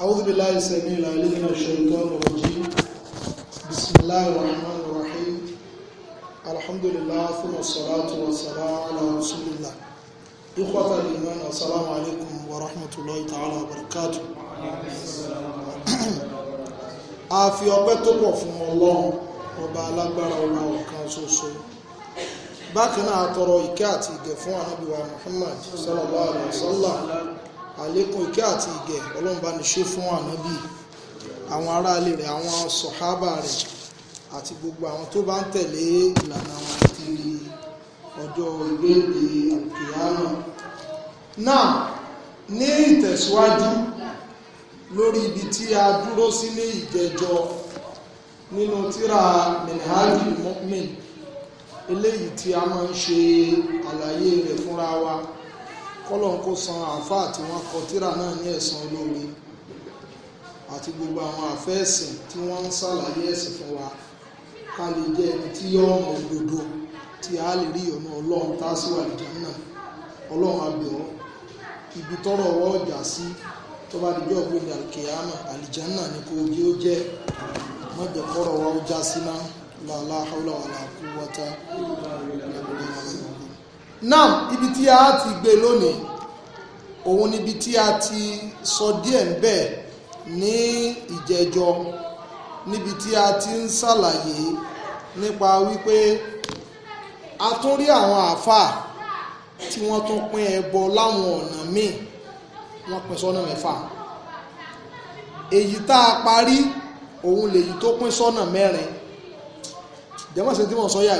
أعوذ بالله السميع العليم من الشيطان الرجيم بسم الله الرحمن الرحيم الحمد لله ثم الصلاة والسلام على رسول الله إخوة الإيمان السلام عليكم ورحمة الله تعالى وبركاته a fi ọpẹ́ tó pọ̀ fún Ọlọ́run ọba alágbára ọba ọ̀kan ṣoṣo bákan náà a tọrọ ìkẹ́ àti ìgẹ̀ àlékún ìkẹ́ àti ìgẹ̀ ọlọ́run bá ní ṣe fún ànábì àwọn aráalé rẹ̀ àwọn sọ̀hábà rẹ̀ àti gbogbo àwọn tó bá ń tẹ̀lé ìlànà àwọn ti ọjọ́ ìgbéǹde àkìyámọ̀ náà ní ìtẹ̀síwájú lórí ibi tí a dúró sí ní ìjẹjọ nínú tírà minhajul mu'min eléyìí tí a máa ń ṣe àlàyé rẹ̀ fúnra wa kọ́lọ́n kó san àáfàá tí wọ́n kọ tírà náà ní ẹ̀san olóore àti gbogbo àwọn àfẹ́ẹ̀sìn tí wọ́n ń ṣàlàyé ẹ̀sìn fún wa ká lè jẹ́ ẹni tí yọ ọ̀nà òdodo tí a lè rí ọ̀nà ọlọ́run tá a sì wà lìjà náà ọlọ́run abẹ́ ọ ibi tọrọ ọwọ́ ọjà sí tó bá dijọ́ gbòmí àlùkìyàmà àlìjánà ni kò yí ó jẹ́ mọ́jẹ̀kọ́rọ̀ wa ó já sí náà làlá haúlà kú wọ́tá náà ibi tí a ti gbé lónìí òun níbi tí a ti sọ díẹ̀ ń bẹ̀ ní ìjẹjọ níbi tí a ti ń ṣàlàyé nípa wípé a tún rí àwọn àáfàá tí wọ́n tún pín ẹbọ láwọn ọ̀nà míì wọ́n pín sọ́nà mẹ́fà èyí tá a parí òun lèyí tó pín sọ́nà mẹ́rin jẹ́mọ̀sẹ̀ tí wọ́n bí òye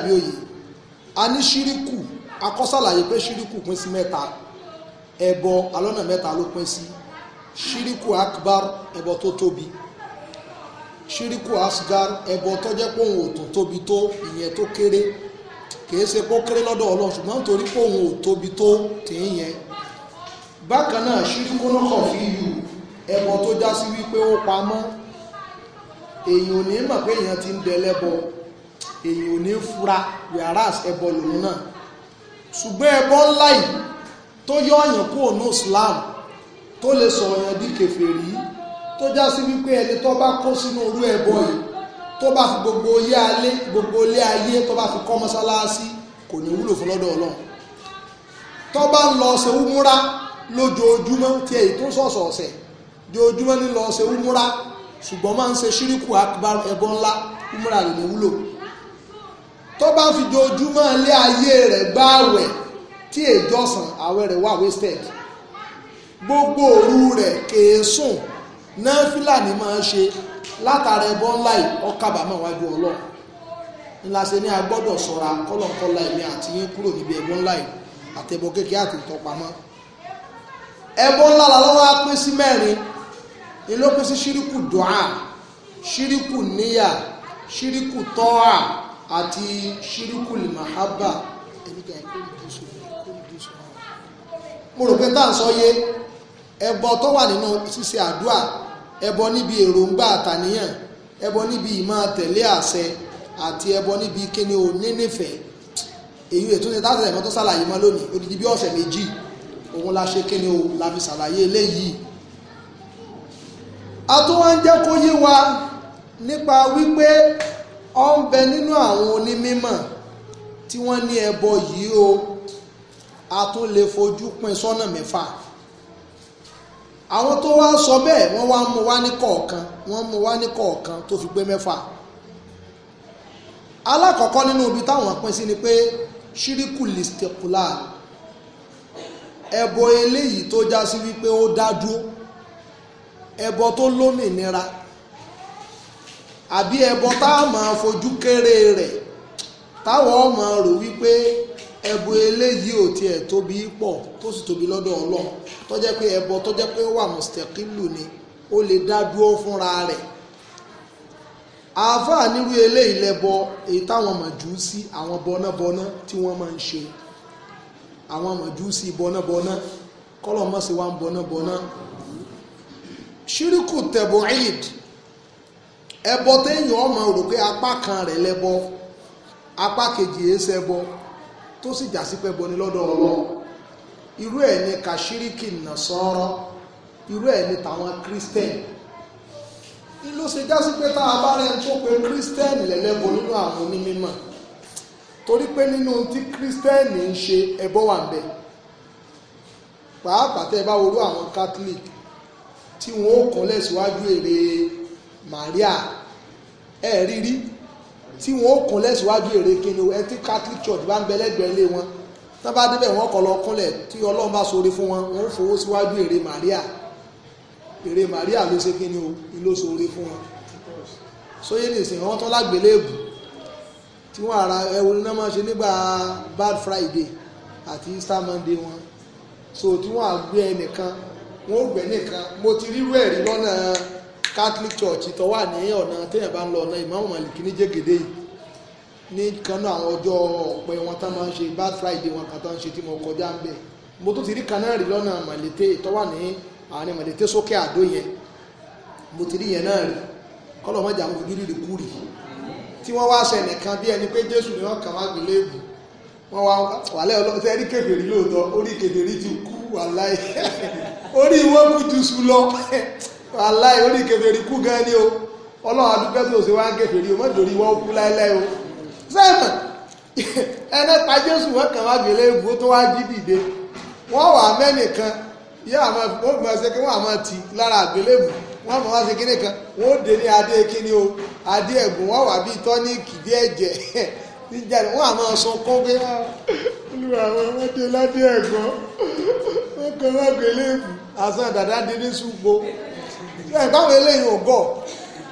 a ní ṣíríkù akọ́sàlàyé pé ṣíríkù pín sí mẹ́ta ẹbọ alọ́nà mẹ́ta ló pín sí ṣíríkù akbar ẹbọ tó tóbi ṣíríkù asgar ẹbọ tó jẹ́ pé òun ò tó tóbi tó ìyẹn tó kéré kìí ṣe pé ó kéré lọ́dọ̀ ọlọ́run ṣùgbọ́n nítorí pé òun ò tóbi tó tèé yẹn bákan náà ṣíríkù náà kàn fi yù ẹbọ tó já sí wípé ó pamọ́ èyàn ò ní mọ̀ pé èyàn ti ń dẹlẹ́bọ èyàn ò ní fura whereas ẹbọ lòun náà ṣùgbọ́n ẹbọ ńlá yìí tó yọ ọ̀yàn kúrò ní Islam tó lè sọ ọ̀yàn di kèfèrí tó já sí wípé ẹni tó bá kó sínú orú ẹbọ yìí tó bá fi gbogbo ilé ayé gbogbo ilé ayé tó bá fi kọ́ mọ́sálásí kò ní wúlò fún lọ́dọ̀ Ọlọ́run tó bá ń lọ ṣe wúmúra lójoojúmọ́ tí èyí tó sọ̀sọ̀ọ̀sẹ̀ joojúmọ́ ní lọ ṣe wúmúra ṣùgbọ́n máa ń ṣe ṣíríkù akbar ẹbọ ńlá wúmúra rẹ̀ ní wúlò tó bá fi dojúmọ́ ilé ayé rẹ̀ gbá àwẹ̀ tí èjọsàn àwẹ̀ rẹ̀ wà wasted gbogbo òru rẹ̀ kèésùn náà fúlàní máa ń ṣe látara ẹbọ ńlá yìí ọkàbàmọ́ wájú ọlọ́run ńlá ṣe ní agbọ́dọ̀ sọ́ra kọ́lọ̀kọ́lá ẹ̀mí àti yín kúrò níbi ẹbọ ńlá yìí àtẹbọ kékeré àti ìtọpamọ́ ẹbọ ńlá la lọ́wọ́ á pín sí mẹ́rin ni ló pín sí ṣíríkù dùá ṣíríkù níyà ṣíríkù tọ́à àti ṣírùkùlì mahaba mo rò pé tá à ń sọ yé ẹbọ tó wà nínú ṣíṣe àdúà ẹbọ níbi èròǹgbà àtàníyàn ẹbọ níbi ìmọ̀ tẹ̀lé àṣẹ àti ẹbọ níbi kíni ò nínífẹ̀ẹ́ èyí ètò ní tásìlẹ̀ kan tó ṣàlàyé mọ́ lónìí odidi bí ọ̀sẹ̀ méjì òun la ṣe kíni o la fi ṣàlàyé eléyìí a tún wá ń jẹ́ kó yé wa nípa wípé ọ ń bẹ nínú àwọn onímímọ̀ tí wọ́n ní ẹbọ yìí o a tún lè fojú pin sọ́nà mẹ́fà àwọn tó wá sọ bẹ́ẹ̀ wọ́n wá mú wá ní kọ̀ọ̀kan wọ́n mú wá ní kọ̀ọ̀kan tó fi pé mẹ́fà alákọ̀ọ́kọ́ nínú ibi táwọn pín sí ni pé ṣíríkù lìstẹ̀kùlà ẹbọ eléyìí tó já sí wípé ó dá dúró ẹbọ tó lómìnira àbí ẹbọ tá a máa fojú kéré rẹ̀ táwọn ọmọ rò wípé ẹbọ eléyìí ò tiẹ̀ tóbi pọ̀ tó sì tóbi lọ́dọ̀ ọlọ́run tó jẹ́ pé ẹbọ tó jẹ́ pé ó wà mùsítẹ́kìlù ni ó lè dá dúró fúnra rẹ̀ àáfàá nírú eléyìí lẹ́bọ èyí táwọn mọ̀júsí àwọn bọnábọná tí wọ́n máa ń ṣe àwọn mọ̀júsí bọnábọná kọ́lọ̀ mọ́sí wa ń bọnábọná ṣíríkù tẹ̀bọ̀ eid ẹbọ téèyàn ọmọ rò pé apá kan rẹ̀ lẹ́bọ apá kejì ẹ̀ ṣẹbọ tó sì jà sí pẹ́bọ ní lọ́dọ̀ Ọlọ́run irú ẹ̀ ní kàṣíríkì nàṣọ́rọ́ irú ẹ̀ ní tàwọn kírísítẹ́nì ni ló ṣe já sí pé tá a bá rẹ̀ tó pe kírísítẹ́nì lẹ́lẹ́bọ nínú àwọn onímọ̀ torí pé nínú tí kírísítẹ́nì ń ṣe ẹbọ wà ń bẹ pàápàá tẹ́ ẹ bá worú àwọn catholic tí wọ́n ó kún lẹ́síwájú èrè Maria ẹ rí rí tí wọn ó kúnlẹ̀ síwájú ère kíni ẹ tí Catholic Church bá ń bẹ lẹ́gbẹ̀ẹ́ lé wọn tán bá débẹ̀ wọn kọ̀ lọ kúnlẹ̀ tí Ọlọ́run bá ṣoore fún wọn wọn ó fowó síwájú ère Maria ère Maria ló ṣe kíni o ló ṣoore fún wọn sóyè nìsín wọn tán lágbélébù tí wọn ara ẹwọ ní náà máa ṣe nígbà Bad Friday àti Easter Monday wọn so tí wọn àgbé ẹnìkan wọn ò gbẹ nìkan mo ti rírú ẹ̀rí lọ́nà. Catholic Church tó wà ní ọ̀nà téèyàn bá ń lọ ọ̀nà Ìmáàmù Màlìkì ní Jégedé yìí ní kan náà àwọn ọjọ́ ọ̀pẹ wọn tá máa ń ṣe bad Friday wọn kàtà ń ṣe tí mo kọjá ń bẹ̀ mo tún ti rí kan náà rí lọ́nà Màlété tó wà ní àárín Màlété sókè àdó yẹn mo ti rí yẹn náà rí kọ́lọ̀ mọ́jà mo fi bí rírì kú rì tí wọ́n wá ṣe nìkan bí ẹni pé Jésù ni wọ́n kàn wá gbélé èbù wọ́n wá wàlẹ́ ọlọ́run tẹ́ aláì orí kèfèrí kú gan ni o ọlọ́run adúgbẹ́ tó ṣe wá ń kèfèrí o mọ́jọ́rí wọ́n kú o sẹ́ẹ̀mọ̀ ẹnẹ́ta jésù wọ́n kàn wá gbélé egbò tó wá jí dìde wọ́n wà àmọ́ ti lára wọ́n wá kan wọ́n ó dé ní adé o adé wọ́n wà bíi tọ́níìkì bí ẹ̀jẹ̀ wọ́n àmọ́ sọ kán pé ah, ọmọdé ládé ẹ̀káwọn eléyìí ò gọ̀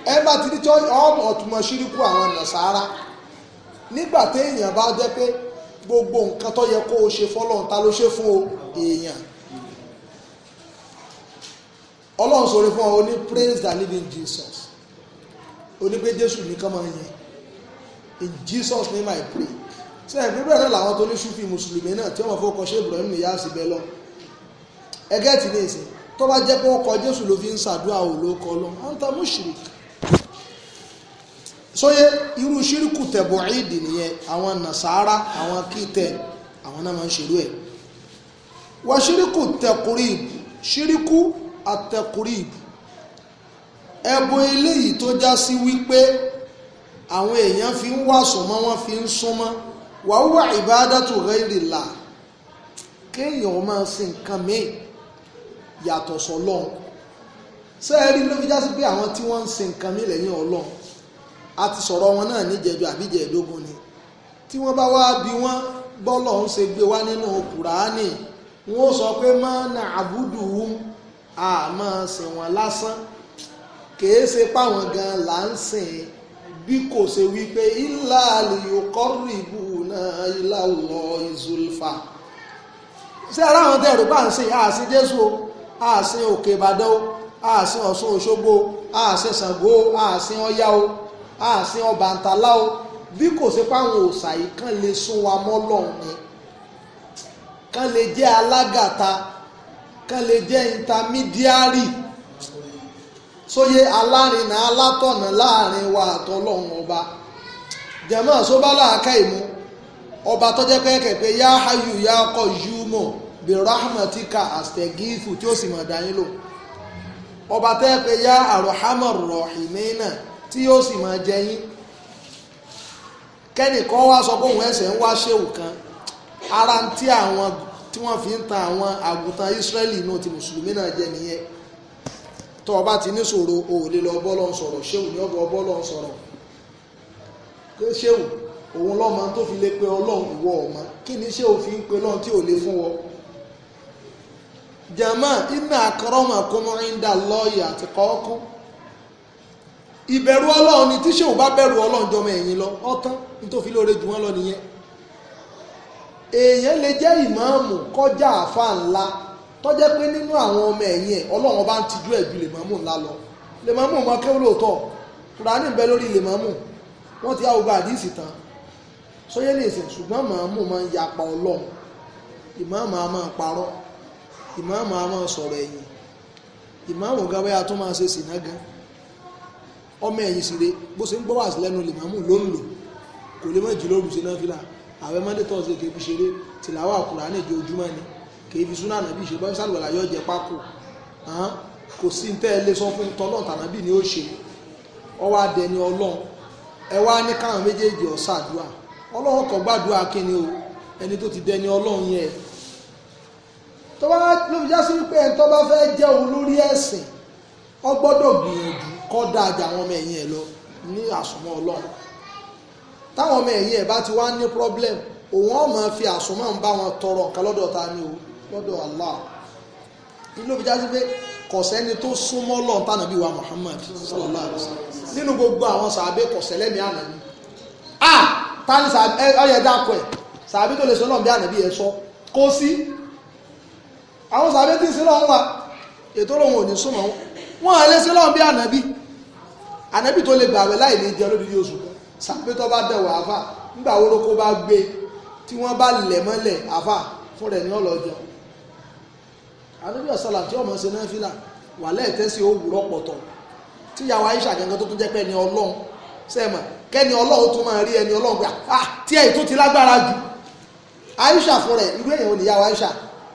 ẹ tirite ti ní church ọmọ ọ̀túnmọ̀ ṣíríkù àwọn bá jẹ pé gbogbo nǹkan tó yẹ kó o ṣe fọ́lọ́run ta ló ṣe fún o èèyàn ọlọ́run sọ̀rọ̀ fún ọ ó ní praise the living Jesus ó ní pé Jésù nìkan máa ń yìn in Jesus name I pray ṣe ẹ̀ bíbélì náà làwọn tó ní ṣúfì mùsùlùmí náà tí wọ́n fọwọ́ kọ́ ṣe Ibrahim nìyá sí bẹ́ẹ̀ lọ ẹgẹ́ tì ní ìsìn tó bá jẹ́ pé ọkọ̀ jésù ló fi ń ṣàdúrà ò ló kọ́ lọ anta mushrik sóyè irú ṣíríkù tẹ̀bọ̀ ìdì nìyẹn àwọn nàṣàárà àwọn kìtẹ̀ àwọn náà máa ń ṣerú ẹ̀ wà ṣíríkù tẹkùrìb ṣíríkù àtẹkùrìb ẹbọ eléyìí tó já sí wípé àwọn èèyàn fi ń wàsùn mọ́ wọ́n fi ń súnmọ́ wàá wà ìbádàtù ghayril lah kéèyàn máa sin nǹkan mìíràn yàtọ̀ sọ́lọ́run sẹ́ẹ̀rí ló fi já sí pé àwọn tí wọ́n ń sin nǹkan mí lẹ́yìn ọlọ́run a ti sọ̀rọ̀ wọn náà níjẹ̀jọ àbíjẹ̀ẹ́dógún ni tí wọ́n bá wá bí wọ́n bọ́lọ̀ ń ṣe gbé wá nínú kùránì wọ́n sọ pé mọ́nà àbúdù wù á máa sìn wọ́n lásán kìí ṣe páwọn gan là ń sìn bí kò ṣe wípé ilá àlùyòkọ́rù ìbú náà ilá ọ̀lọ́ ìzùlfà ṣé aláwọn tẹ̀rù bá ń sìn àṣìjẹ́sù o. àṣẹ òkè o àṣẹ ọ̀ṣun òṣogbo àṣẹ ṣàngó àṣẹ ọya o àṣẹ ọbàǹtálá o bí kò sí páwọn òòṣà yìí kàn lè sún wa mọ́ lọ́hùn ni kàn lè jẹ́ alágàta kàn lè jẹ́ intermediary sóyè alárinà alátọ̀nà láàrin wa ọba jẹ̀mọ́ sóbálà ọba tó pẹ́ẹ́kẹ́ pé yá ayù birahmatika astegifu tí ó sì mọ̀ dáyín lò ọba tẹ́ pé yá arhamar rahimina tí ó sì mọ̀ jẹyín kẹ́nìkan wá sọ pé òun ẹsẹ̀ ń wá ṣéwù kan ara tí àwọn tí wọ́n fi ń ta àwọn àgùntàn Ísírẹ́lì náà ti mùsùlùmí náà jẹ nìyẹn tó ọba bá ti ní ṣòro o lọ bọ́lọ̀ sọ̀rọ̀ ṣéwù ní ọgbà ọbọ́lọ̀ sọ̀rọ̀ pé ṣéwù òun lọ́mọ tó fi lè pe ọlọ́run ìwọ ọ̀mọ kí ni ṣéwù fi ń pe ọlọ́run tí ò lè fún wọn jama iná akọrọmọ akọmọrinda lọọyì àti kọọkú ìbẹ̀rù Ọlọ́run ni tíṣe ò bá bẹ̀rù Ọlọ́run jọmọ ẹ̀yìn lọ ọtán nítòfin lóore jù wọn lọ nìyẹn èèyàn lè jẹ́ ìmáàmù kọjá àfa ńlá tọ́jẹ́ pé nínú àwọn ọmọ ẹ̀yìn ẹ̀ Ọlọ́run bá ń tijú ẹ̀ ju lèmọ́mù ńlá lọ lèmọ́mù mọ kéwù lóòótọ́ kùránì ń bẹ lórí lèmọ́mù wọ́n ti áwùgbà àdìsí tán sóyè ní ìsìn ṣùgbọ́n màmú máa ń yapa Ọlọ́run ìmáàmù á máa parọ́ ìmáàmù a máa sọ̀rọ̀ ẹ̀yìn ìmáàmù gan bóyá tó máa ṣe sìnà gan ọmọ ẹ̀yìn sì bó ṣe ń gbọ́ wàásù lẹ́nu lìmáàmù ló ń lò kò lè mọ̀jì lóru ṣe náà fìlà àwẹ̀ monday thursday kì í fi ṣeré tìlàwọ̀ àkùrà ní ìjọ ojúmọ́ ni kì fi súnà nàbí ṣe bọ́ sálùwàlà yọ jẹ pákó kò sí ní tẹ́lẹ̀ sọ fún tọ́lọ́ tànàbí ni ó ṣe ẹ wá ní káwọn o ẹni tó ti dẹni ọlọ́run yẹn tó bá ló fi já sí wípé ẹni tó bá fẹ́ jẹ́ olórí ẹ̀sìn ó gbọ́dọ̀ gbìyànjú kọ́ dáa jà àwọn ọmọ ẹ̀yìn ẹ̀ lọ ní àsomọ́ ọlọ́run táwọn ọmọ ẹ̀yìn ẹ̀ bá ti wá ní problem òun ọmọ fi àsomọ́ ń bá wọn tọrọ nǹkan lọ́dọ̀ ta ni o lọ́dọ̀ Allah ní ló fi já sí pé kò sẹ́ni tó súnmọ́ lọ́n tànàbí wa Muhammad sallallahu alaihi wasallam nínú gbogbo àwọn sàbẹ̀ kò sẹ́lẹ̀mí ànàbí ah tani sàbẹ̀ ọ̀yẹ̀dá kọ̀ ẹ̀ sàbẹ̀ tó lè sọ lọ́n bí ànàbí ẹ̀ sọ kó sí àwọn sàbẹ́ tí sílọ̀ ń wà ètò lòun ò ní súnmọ́ wọn àlẹ́ sílọ̀ bí ànábì ànábì tó lè gbàwẹ̀ láì lè jẹ́ lódìdí oṣù kan sàbẹ́ tó bá dẹ̀wọ̀ àfà nígbà wo lóko bá gbé tí wọ́n bá lẹ̀ mọ́lẹ̀ àfà fún rẹ̀ ní ọlọ́jọ́ ànábì ọ̀sálà tí ọmọ ṣe náà fìlà wà lẹ́ẹ̀tẹ́sí òwúrọ̀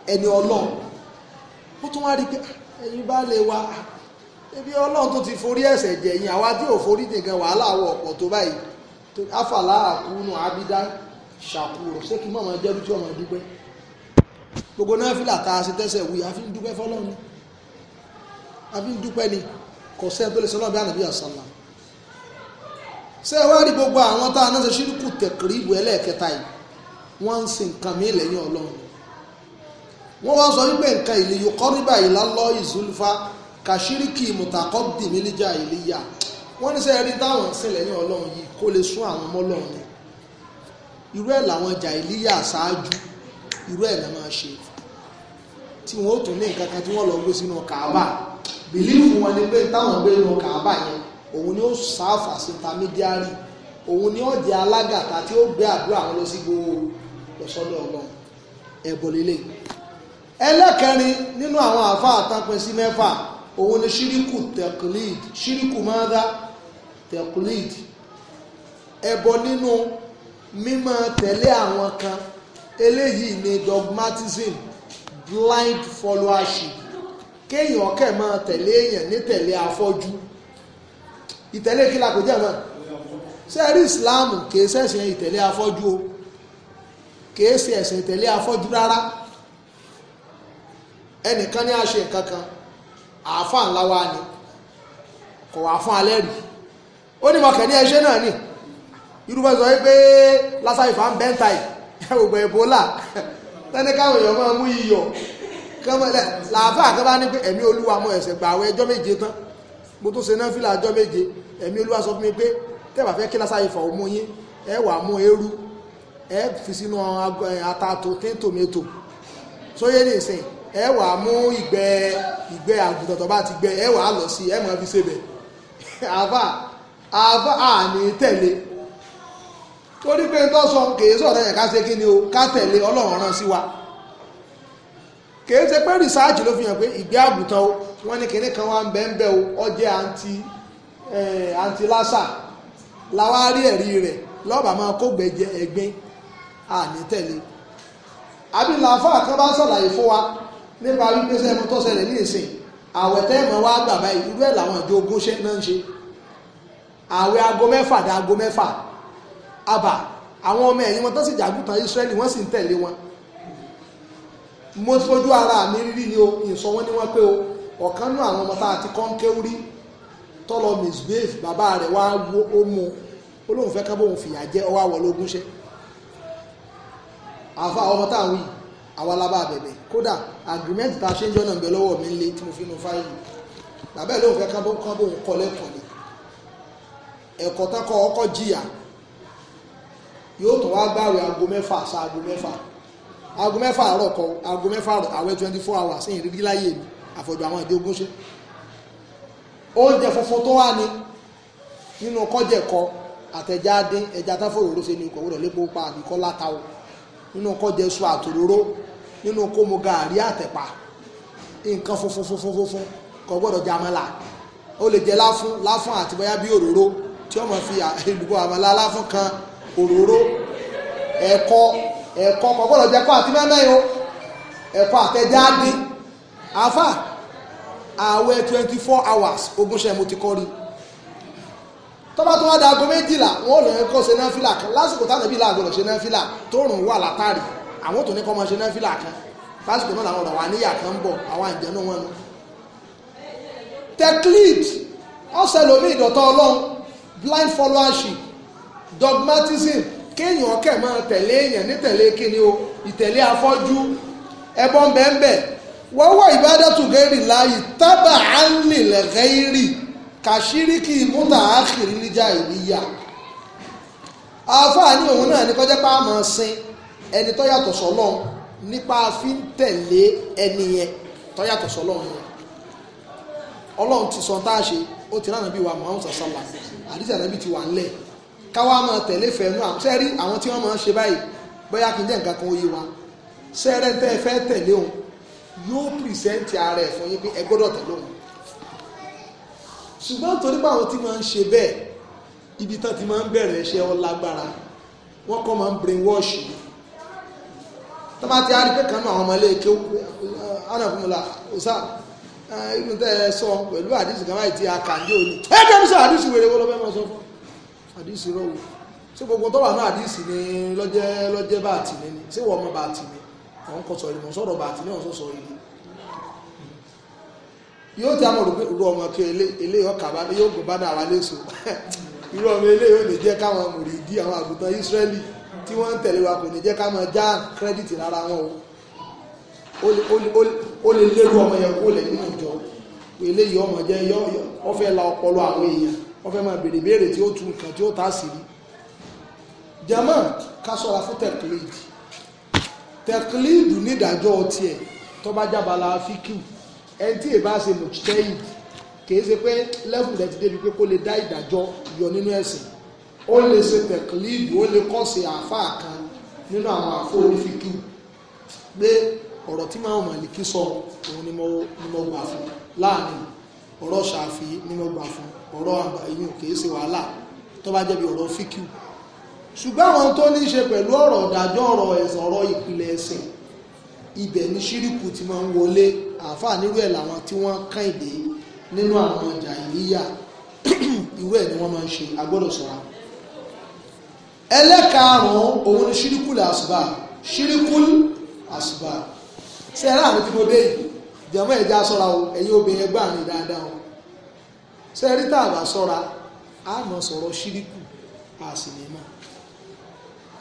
ẹni Ọlọ́run ó tún wá rí pé ah, ẹ̀yin bá lè wa ah, ebi ọlọ́run tó ti forí ẹ̀ṣẹ̀ jẹ̀ yín àwa tí ò forí nìkan wàhálà àwọ̀ ọ̀pọ̀ tó báyìí afàlà àkúnú abidá ṣàkúrò ṣé kí mọ̀mọ́ jẹ́rú tí ọmọ dúpẹ́ gbogbo náà fi làtà ṣe tẹ́sẹ̀ wí àfi ń dúpẹ́ fọlọ́run ni àfi ń dúpẹ́ ni kò sẹ́ni tó lè sọ́nà bí ànàbí àṣàlà ṣé ẹ wá rí gbogbo àwọn tá a náà ṣe ṣírùkù tẹ̀kìrì ìwé ẹlẹ́ẹ̀kẹta yìí wọ́n ń sin nǹkan mí lẹ́yìn ọlọ́run wọ́n wá sọ wípé nǹkan ìlèyò kọ́ríbà ìlálọ́ ìzúlùfà kàṣíríkì mùtàkọ́ dìmílíjà ìlíyà wọ́n ní sẹ́yìn rí táwọn ń sìn lẹ́yìn ọlọ́run yìí kó lè sún àwọn ọmọ ọlọ́run ni irú ẹ̀ làwọn ìjà ìlíyà ṣáájú irú ẹ̀ náà ṣe tí wọ́n tún ní nǹkan kan tí wọ́n lọ gbé sínú kàábà bìlífù wọn ni pé táwọn gbé nínú kàábà yẹn òun ni ó sáfà sí intermediary òun ni ó jẹ alágàtà tí ó gbé àdúrà wọn lọ sí gbogbo lọ ọlọ́run ẹbọ lélẹyìí ẹlẹ́kẹrin nínú àwọn àfa àtàpin sí mẹ́fà òun ni ṣíríkù tẹ̀kùlìd ṣíríkù máa dá tẹ̀kùlìd ẹbọ nínú mímọ̀ tẹ̀lé àwọn kan eléyìí ni dogmatism blind followership kéèyàn kẹ̀ máa tẹ̀lé èèyàn nítẹ̀lé afọ́jú ìtẹ̀lé kí la kò jẹ́ mọ́ sẹ́rí Islam kìí ṣẹ̀sìn ìtẹ̀lé afọ́jú o kìí ṣe ìtẹ̀lé afọ́jú rárá ẹnìkan ní àṣẹ nǹkan kan àáfàá ńlá wa ni kò wá fún alẹ́ rí ó ní mọ̀kẹ́ ní ẹṣẹ́ náà ni irúfẹ́ sọ wípé lásà ìfà ń bẹ́ńtà yìí gbogbo ebola tẹ́ni káwọn èèyàn máa mú iyọ̀ làáfàá kan bá ní pé ẹ̀mí olúwa mo ẹ̀sẹ̀ gbà àwọn ẹjọ́ méje tán mo tún ṣe náà fìlà ẹjọ́ méje ẹ̀mí olúwa sọ fún mi pé tẹ́wàá fẹ́ kí lásà ìfà ó mú yín ẹ wà mú eérú ẹ fi sínú ata tí tòmẹ́tò sóyè nìsín ẹ wà igbe mú àgùntàn tó bá ti gbẹ ẹ wà á lọ sí ẹ fi ṣe sọ kèé yẹn ni o ká tẹ̀lé ọlọ́run rán sí wa kèé ṣe pé rìsáàjì ló fi hàn pé ìgbẹ́ o wọ́n ní kinní kan ń o ọ àǹtí àǹtí lásà làwa rí máa kó àní àbí làáfà wa nípa wípé sẹ́mu tó ṣẹlẹ̀ ní ìsìn àwẹ̀ tẹ́ẹ̀mọ̀ wá gbà báyìí irú ẹ̀ làwọn ìjọ ogún ṣe náà ń ṣe àwẹ̀ aago mẹ́fà dá aago mẹ́fà àbà àwọn ọmọ ẹ̀yìn wọn tó sì jàgùtàn Ísírẹ́lì wọ́n sì ń tẹ̀lé wọn mo fojú ara mi rí ni o ìsọ wọn ni wọn pé o ọ̀kan náà àwọn ọmọ tá a ti kọ́ ń kéwú rí tọ́lọ misbehave bàbá rẹ̀ wá ó mu olóhùn fẹ́ kábòhùn fìyà jẹ ọwọ́ àwọ̀ lógún ṣe àfa ọmọ táwọn yìí àwa la bá kódà agreement tá a ṣe ń jọ́nà ń bẹ lọ́wọ́ mi lé tí mo fi nu fáìlì bàbá ẹ̀ lóun fẹ́ kábó kábó ń kọ́ lẹ́kọ̀ọ́ ni ẹ̀kọ́ tán kọ́ ọkọ̀ jìyà yóò tún wá gbàwé aago mẹ́fà sa aago mẹ́fà aago mẹ́fà àárọ̀ kọ aago mẹ́fà àwẹ̀ twenty four hours ẹ̀yìn rírí láyé mi àfọ̀jù àwọn ìdí ogún ṣe oúnjẹ funfun tó wà ní nínú kọ́jẹ̀kọ́ àtẹ̀já dín ẹja táfòròró ṣe ni kò wúrọ̀ lépo pa àbíkọ́ látàwọ̀ nínú kọ́jẹ̀ sọ àtòróró nínú kó mu gàárì àtẹ̀pà nǹkan funfun funfun funfun kò gbọ́dọ̀ jẹ àmàlà ó lè jẹ láfún láfún àti bóyá bí òróró tí ọmọ fi ìlúbọ àmàlà láfún kan òróró ẹ̀kọ ẹ̀kọ kò gbọ́dọ̀ jẹ kọ́ àti mẹ́mẹ́yìn o ẹ̀kọ àtẹ̀jáde àfà ààwẹ̀ twenty four hours ogúnṣẹ́ mo ti kọ́ rí tọ́ba tó wá da aago méjìlá wọn ò lè kọ́ ṣe náà fìlà kan lásìkò táwọn ẹbí làgọ̀lọ̀ ṣe náà fìlà tó rùn wà látàrí àwọn tó ní kọ́ máa ṣe náfìlà kan lásìkò náà làwọn ọ̀rọ̀ wà níyà kan ń bọ̀ àwọn àjẹnú wọn nu. teclid ọ̀sẹ̀ lomi ìdọ̀tọ̀ ọlọ́run blind followership dogmatism kéèyàn kẹ̀ máa tẹ̀lé èèyàn nítẹ̀lé kíni o ìtẹ̀lé afọ́jú ẹbọ bẹ́ẹ̀nbẹ́ẹ̀ wọ́wọ́ ìbádàtú gẹ́rì láàyè tábà á ń lè gẹ́rì kàṣíríkì múta àkìrí níjà ìníyà àfáà ní òun náà ní kọjá pàmò sin ẹni tó yàtọ̀ sọ́lọ́run nípa fi ń tẹ̀lé ẹni yẹn tó yàtọ̀ sọ́lọ́run yẹn ọlọ́run ti sọ tá a ṣe ó ti rán àbí wa Muhammad sàlá àdìsí ànábì ti wà ńlẹ̀ káwa máa tẹ̀lé fẹ̀ẹ́nú àwọn sẹ́rí àwọn tí wọ́n máa ń ṣe báyìí bóyá kí n jẹ́ nǹkan kan oyè wa sẹ́rẹ́ tẹ́ ẹ fẹ́ tẹ̀lé òun yóò pìrìsẹ́ǹtì ara ẹ̀ fún yín pé ẹ gbọ́dọ̀ tẹ̀lé òun ṣùgbọ́n torí pé àwọn tí máa ń ṣe bẹ́ẹ̀ ibi tán ti máa ń bẹ̀rẹ̀ iṣẹ́ ọlágbára wọ́n kọ́ máa ń brainwash yìí tó bá ti arí pé kan náà àwọn ọmọ ilé ike ana fún mi la ọ̀sà ibi tẹ́ ẹ sọ pẹ̀lú àdìsí kan láì ti àkàndé òní ẹ jẹ́ mi sọ àdìsí wèrè wọ́n lọ́fẹ́ máa sọ fún àdìsí rọ̀wù ṣé gbogbo tó wà náà àdìsí ni lọ́jẹ́ lọ́jẹ́ bá àtì mi ni ṣé wọ́n mọ bá àtì mi àwọn kọ̀ sọ̀rọ̀ ìmọ̀ sọ̀rọ̀ bá àtì mi ọ̀sọ̀ sọ̀rọ̀ ìdí yóò ti àmọ̀ rògbé ru ọmọ kí ilé ọkà bá yóò gbọ́ bá náà wà léṣo irú ọmọ ilé yóò lè jẹ́ káwọn mòrìdí àwọn àgùntàn Ísírẹ́lì tí wọ́n ń tẹ̀lé wa kò ní jẹ́ ká máa já kírẹ́dìtì lára wọn o ó lè lérú ọmọ yẹn kó lẹ̀ nínú ìjọ eléyìí ọmọ jẹ́ ó fẹ́ la ọpọlọ àwọn èèyàn ó máa béèrè béèrè tí ó tu nǹkan tí ó tà sí rí jama ká sọ́ra fún tẹ̀kílíìd tẹ̀kílíìd nídàájọ́ tiẹ̀ tó bá jábala fíkìú ẹni tí èèbá ṣe mọ̀tẹ́yìd kì í ṣe pé lẹ́fù rẹ̀ débi pé kó lè dá ìdájọ́ yọ nínú ẹ̀sìn ó lè ṣe tẹ̀kílíìbù ó lè kọ́ sí àáfàá kan nínú àwọn àfọ onífíkì pé ọ̀rọ̀ tí máa ń Màlíkì sọ òun ni mo gbà fún láàrin ọ̀rọ̀ ṣàfi ni mo gbà fún ọ̀rọ̀ àgbà ìyún kìí ṣe wàhálà tó bá jẹ́bi ọ̀rọ̀ fíkì ṣùgbọ́n àwọn tó ní í ṣe pẹ̀lú ọ̀rọ̀ ìdájọ́ ọ̀rọ̀ ẹ̀sìn ọ̀rọ̀ ìpìlẹ̀ ẹ̀sìn ibẹ̀ ní ṣíríkù ti máa ń wọlé àáfàá nírú ẹ̀ làwọn tí wọ́n kàn ìdè nínú àwọn ọjà ìlíyà irú ẹ̀ ni wọ́n máa ń ṣe agbọ́dọ̀ sọ̀rọ̀ ẹlẹ́karùn-ún òun ni ṣíríkùlù àṣùbà ṣíríkùlù àṣùbà sẹ́ẹ̀rẹ́ àmì tí mo dé yìí jẹ̀mọ́ ẹ̀já sọ́ra o ẹ̀yin obìnrin ẹgbẹ́ àrùn dáadáa o sẹ́ẹ̀rí tá a bá sọ́ra a mọ̀ sọ̀rọ̀ ṣíríkù àṣìnímọ̀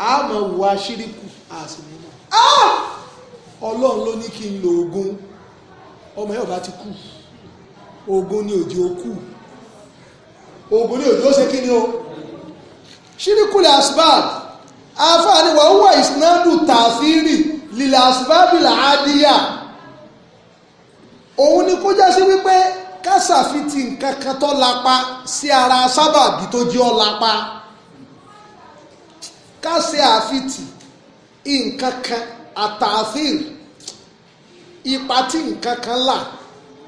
a mọ̀ wá ṣíríkù àṣìnímọ̀ ọlọ́run ló ní kí n lo oògùn ọmọ yóò bá ti kú oògùn ni òjò kú oògùn ni òjò ṣe kí ni o ṣíríkùlẹ̀ asbab àfààní wà wúwà ìsinádù tààfírì lílẹ̀ asbab làádìyà òun ni kó jásí wípé kásàfitì nǹkan kan tó lapa sí ara sábàbí tó jẹ́ ọ́ lapa kásẹ̀ àfitì nǹkan kan àtàfírì ipa tí nǹkan kan là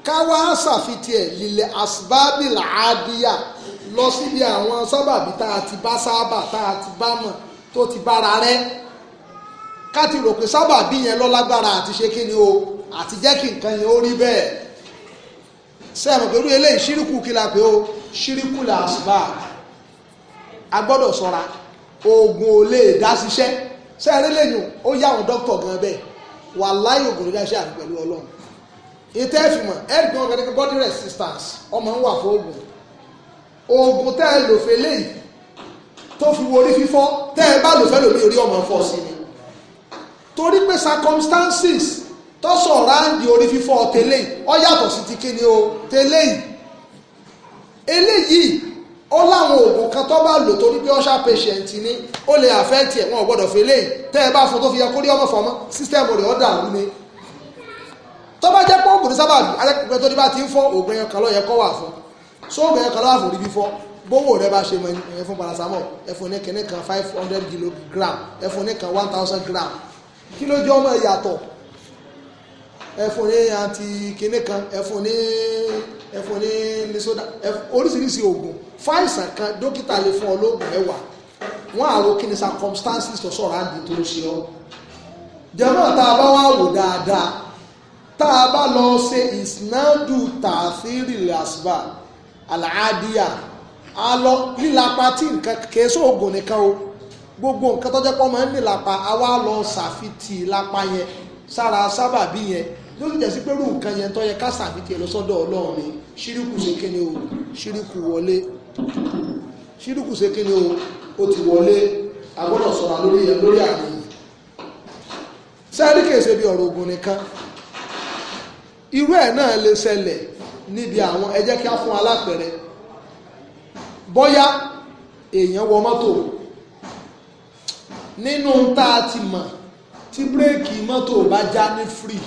káwá sàfitì ẹ̀ lílẹ̀ asbab làádìyà lọ síbi àwọn sábàbí tá a ti bá sábà tá a ti bá mọ̀ tó ti bára rẹ ká ti rò pé sábàbí yẹn lọ lágbára àti ṣe kí ni o àti jẹ́ kí nǹkan yẹn ó rí bẹ́ẹ̀ sẹ́ẹ̀mù pẹ̀lú eléyìí ṣíríkù kí la pé o ṣíríkù là àṣùbà a gbọ́dọ̀ ṣọ́ra oògùn ò lè dá ṣiṣẹ́ sẹ́ẹ̀rí lẹ́yìn ó yá àwọn dókítà gan bẹ́ẹ̀ wà láyé oògùn lè dá ṣe àti pẹ̀lú ọlọ́run ètò ẹ̀fìmọ̀ ẹ̀rì kan kẹ́kẹ́ body resistance ọmọ ń wà fún oògùn oògùn tẹ́ ẹ lò fẹ́ léyìí tó fi wo orí fífọ́ tẹ́ ẹ bá lò fẹ́ lòmí orí ọmọ fọ́ sí ni torí pé circumstances tọ́sọ̀ ráǹdì orí fífọ́ tẹ́lẹ̀ ọ yàtọ̀ sí ti kíni o tẹ́lẹ̀ yìí eléyìí ó láwọn oògùn kan tó bá lò torí pé ọ̀ṣà patient ni ó lè àfẹ́ǹtì ẹ̀ wọn ò gbọ́dọ̀ fẹ́ léyìí tẹ́ ẹ bá fún tó fi yẹ kórí ọmọ fọmọ system rẹ̀ ọ̀dà ọ̀hún ni tó bá jẹ́ pọ́ǹpù ní sábàbí alẹ́kùnrin tó ní bá ti ń fọ́ oògùn ẹ̀yọkàn lọ́yẹ kọ́ wà fún sóògùn ẹ̀yọ kan láàfò rí bí fọ́ bówó rẹ bá ṣe mọ ẹ fún paracetamol ẹ fún ní kìnní kan five hundred kilogram ẹ fún ní kan one thousand gram kí ló jẹ́ ọmọ ìyàtọ̀ ẹ fún ní anti kìnní kan ẹ fún ní ẹ fún ní nisoda oríṣiríṣi oògùn fáìsàn kan dókítà lè fún ọ lóògùn mẹ́wàá wọ́n àrò kí ni circumstances tó sọ̀rọ̀ àǹdí tó ń ṣe ọ́ jẹ́mọ́ tá a bá wá wò dáadáa tá a bá lọ ṣe ìsinádù tààfírì làṣbà àlàádìyà a lọ lílapa tí nǹkan kìí sóògùn nìkan o gbogbo nǹkan tó jẹ́ pọ́ máa ń nílapa a wá lọ ṣàfitì lápá yẹn sára sábàbí yẹn ló sì jẹ́ sí pé irú nǹkan yẹn tó yẹ ká ṣàfitì lọ sọ́dọ̀ ọlọ́run ni ṣíríkù ṣe o ṣíríkù wọlé ṣíríkù ṣe kíni o ó ti wọlé a gbọ́dọ̀ sọ̀rọ̀ lórí yẹn lórí àmì sẹ́ẹ̀rì kèsè bí ọ̀rọ̀ ògùn nìkan irú ẹ̀ náà lè ṣẹlẹ̀ níbi àwọn ẹ jẹ́ kí a fún alápẹ̀rẹ bóyá èèyàn wọ mọ́tò nínú tá a ti mọ̀ tí bírèkì mọ́tò bá já ní free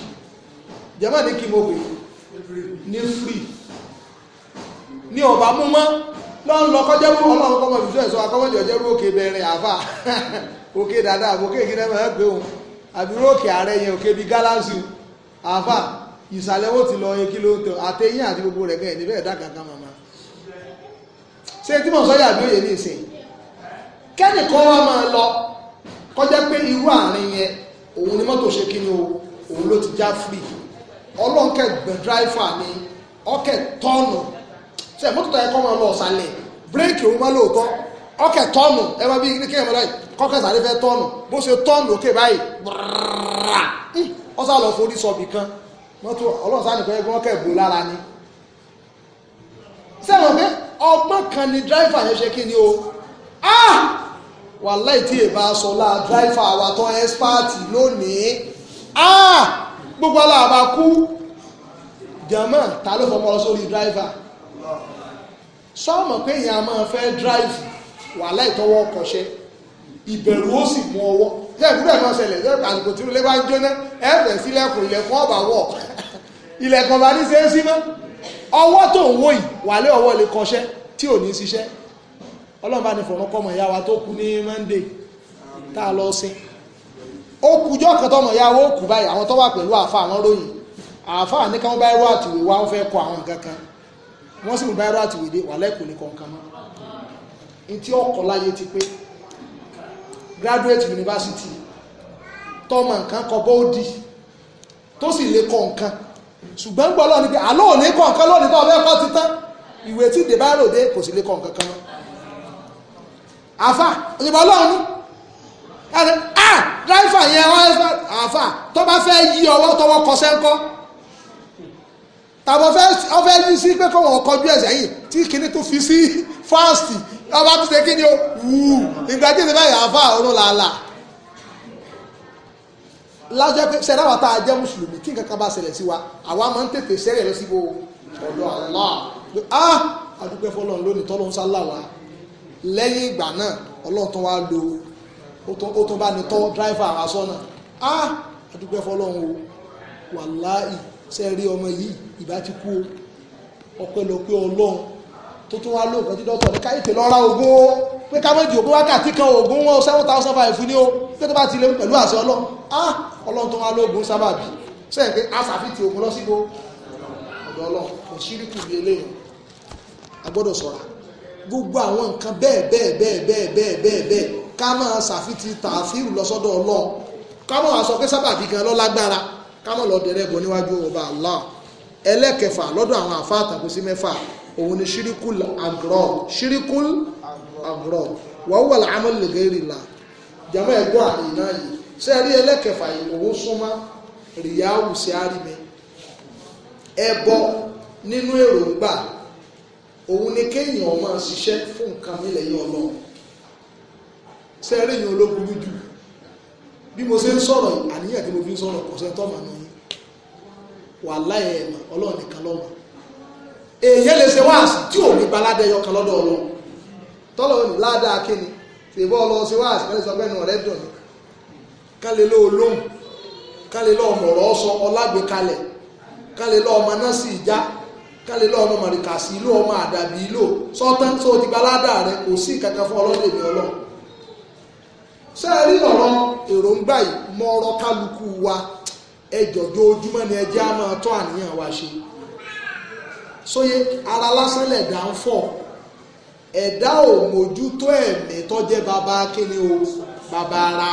jẹ́mọ̀ ní kí mo pè ní free ní ọ̀bá mú mọ́ lọ́n lọ kọjá mú ọlọ́run kọ́mọ ìfisú ẹ̀sọ́ akọ́mọ́jọ jẹ́ rú òkè bẹ̀rẹ̀ àfà òkè dáadáa àbòkè ìgbìnà máa ń gbé òun àbí rú òkè ààrẹ yẹn òkè bíi galaxy àfà ìsàlẹ̀ ó ti lọ ekí ló ń tọ àtẹ̀yìn àti gbogbo rẹ̀ gẹ̀ẹ́ níbẹ̀ dáka kan màmá ṣé tí mò ń sọ́yà bí òye ní ìsìn kẹ́nìkan wá máa lọ kọjá pé irú àárín yẹn òun ni mọ́tò ṣe kí ni o òun ló ti já free ọlọ́nkẹ́ gbẹ̀ dráìfà ni ọkẹ́ tọ́ọ̀nù ṣe mọ́tò tó yẹ kọ́ máa lọ ọ̀sàlẹ̀ bírèkì òun máa lóòótọ́ ọkẹ́ tọ́ọ̀nù ẹ bá bí ní kéèyàn báyìí kọ́kẹ́ sàlẹ̀ fẹ́ tọ́ọ̀nù bó ṣe tọ́ọ̀nù òkè báyìí ọ̀sà lọ forí sọ̀bì kan mọ́tò ọlọ́sàn nìkan ẹgbẹ́ wọn kẹ̀gbó lára ni sẹ́wọ̀n pé ọgbọ́n kan ni dráìfà yẹn ṣe kí ni o ah wàláì tí èèbá sọ la dráìfà wa tán ẹ́sípáàtì lónìí ah gbogbo aláàbá kú jẹ̀mọ́ ta ló fọmọ lọ sórí dráìfà sọ́ọ̀mọ̀ pé èèyàn máa fẹ́ dráìfì wàláì tọwọ́ ọkọ̀ ṣe ìbẹ̀rù ó sì mú ọwọ́ ṣe ìbúdẹ̀ kan ṣẹlẹ̀ ṣe àsìkò tí ilé bá ń jóná ẹ̀fẹ̀ sí ilẹ̀kùn ilẹ̀kùn ọ̀bà wọ̀ ilẹ̀kùn ọ̀bà ní ṣe é sí mọ́ ọwọ́ tó ń wò yìí wàlé ọwọ́ lè kọṣẹ́ tí ò ní ṣiṣẹ́ ọlọ́run bá ní fọ̀rọ̀ kọ́mọ ìyá wa tó kú ní Monday tá a lọ sí ó kújọ́ kan tọmọ ìyá wa ó kú báyìí àwọn tó wà pẹ̀lú àfa àwọn ròyìn àfa ní káwọn bá irú àtìwé wa ó fẹ́ kọ àwọn nǹkan kan wọ́n sì mú bá irú àtìwé dé wàlẹ́ kò ní kọ̀ọ̀kan mọ́ ní tí ọkọ̀ láyé ti pé graduate university tọmọ nǹkan kọ bóódì tó sì lè kọ nǹkan ṣùgbọ́n gbọ́ lọ́ọ̀ ni pé àlọ́ òní kọ nǹkan lónìí tó ọbẹ̀ kọ́ ti tán ìwé tí dèbá ròde kò sì lè kọ nǹkan kan mọ́ àfà òyìnbó ọlọ́run ní ẹni ah dráìfà yẹn wọ́n àfà tó bá fẹ́ yí ọwọ́ tọwọ́ kọsẹ́ tàbí ọfẹ́ ní sí pé kọ́wọ́ kọjú ẹ̀sẹ̀ yìí tí kìíní tó fi sí fásitì ọba tó ṣe kíni o wù ìgbà tí ìṣẹ̀lẹ̀ yà fà ọ̀run làálà. lájọ pé sẹ́dá wa tá a jẹ́ mùsùlùmí kí nǹkan kan bá ṣẹlẹ̀ sí wa àwa máa ń tètè sẹ́rẹ̀ lọ sí gbogbo ọ̀dọ̀ Allah ah adúpẹ́ fọlọ́run lónìí tọ́lọ́ ń sálà wa lẹ́yìn ìgbà náà ọlọ́run tó wá lo ó tó bá ní tọ́ dráìfà wa sọ́nà ah adúpẹ́ fọlọ́run o wàláì ṣe rí ọmọ yìí ìbá ti kú ọpẹ́lọpẹ́ Ọlọ́run tó tún wá lóògùn tí dọ́tọ̀ ní káyìtì lọ́ra ogún ó pé ká méjì ogún wákàtí kan ogún wọn seven thousand five fún ní ó pé tó bá ti lé pẹ̀lú àṣẹ Ọlọ́run ah Ọlọ́run tó wá lóògùn sábàbí sẹ́yìn pé aṣàfi ti ògùn lọ sí gbó ọ̀dọ̀ Ọlọ́run kò sírí kù bí eléyìí a gbọ́dọ̀ ṣọ́ra gbogbo àwọn nǹkan bẹ́ẹ̀ bẹ́ẹ̀ bẹ́ẹ̀ bẹ́ẹ̀ bẹ́ẹ̀ bẹ́ẹ̀ bẹ́ẹ̀ ká máa ṣàfi ti tààfíù lọ sọ́dọ̀ Ọlọ́run ká máa sọ pé sábàbí gan lọ́lágbára kámọ̀ lọ dẹrẹ́ bọ̀ níwájú ọba Allah ẹlẹ́kẹfà lọ́dọ̀ àwọn àfa àtàkùn sí mẹ́fà òun ni ṣíríkùl agrọ́ ṣíríkùl agrọ́ wọ́n wà láàmú lẹ́gẹ́rìlá jàmọ́ ẹ̀gbọ́ àríyá yìí ṣé ẹ rí ẹlẹ́kẹfà yìí òun súnmọ́ rìyáwù sí àrími ẹbọ nínú èròǹgbà òun ni kéèyàn máa ṣiṣẹ́ fún nǹkan mi lẹ́yìn ọlọ́run ṣé ẹ rí ìyẹn ológun bí mo ṣe ń sọ̀rọ̀ àníyàn tí mo fi ń sọ̀rọ̀ kọ̀ṣẹ́ tọ́mà ní wà láyé ẹ̀mọ̀ ọlọ́run nìkan lọ́mọ èèyàn lè ṣe wáàsì tí ò ní baládẹ yọkan lọ́dọ̀ ọlọ́run tọ́lọ̀ ní ládàá kíni tèbọ́ ọlọ́ ṣe wáàsì mẹ́rin sọ bẹ́ẹ̀ni ọ̀rẹ́ dùn ní kálélọ́ olóhùn kálélọ́ ọmọ ọ̀rọ̀ ọsọ ọlágbèkalẹ̀ kálélọ́ ọmọ náà sì já kálélọ́ ọmọ màrìkàsí ìlú ọmọ àdàbí ìlú sọ́tán tó ti baládàá rẹ kò sí kankan fún ọlọ́dẹ̀ mi ọlọ́run sẹ́ẹ̀rí ọ̀rọ̀ èròǹgbà yìí mọ ọ̀rọ̀ kálukú ẹjọjọ ojúmọ́ ni ẹjẹ́ á máa tọ́ àníyàn wa ṣe sóye ara lásán lẹ̀dá ń fọ̀ ẹ̀dá ò mójútó ẹ̀mí tọ́jẹ́ bàbá kíni o bàbá ara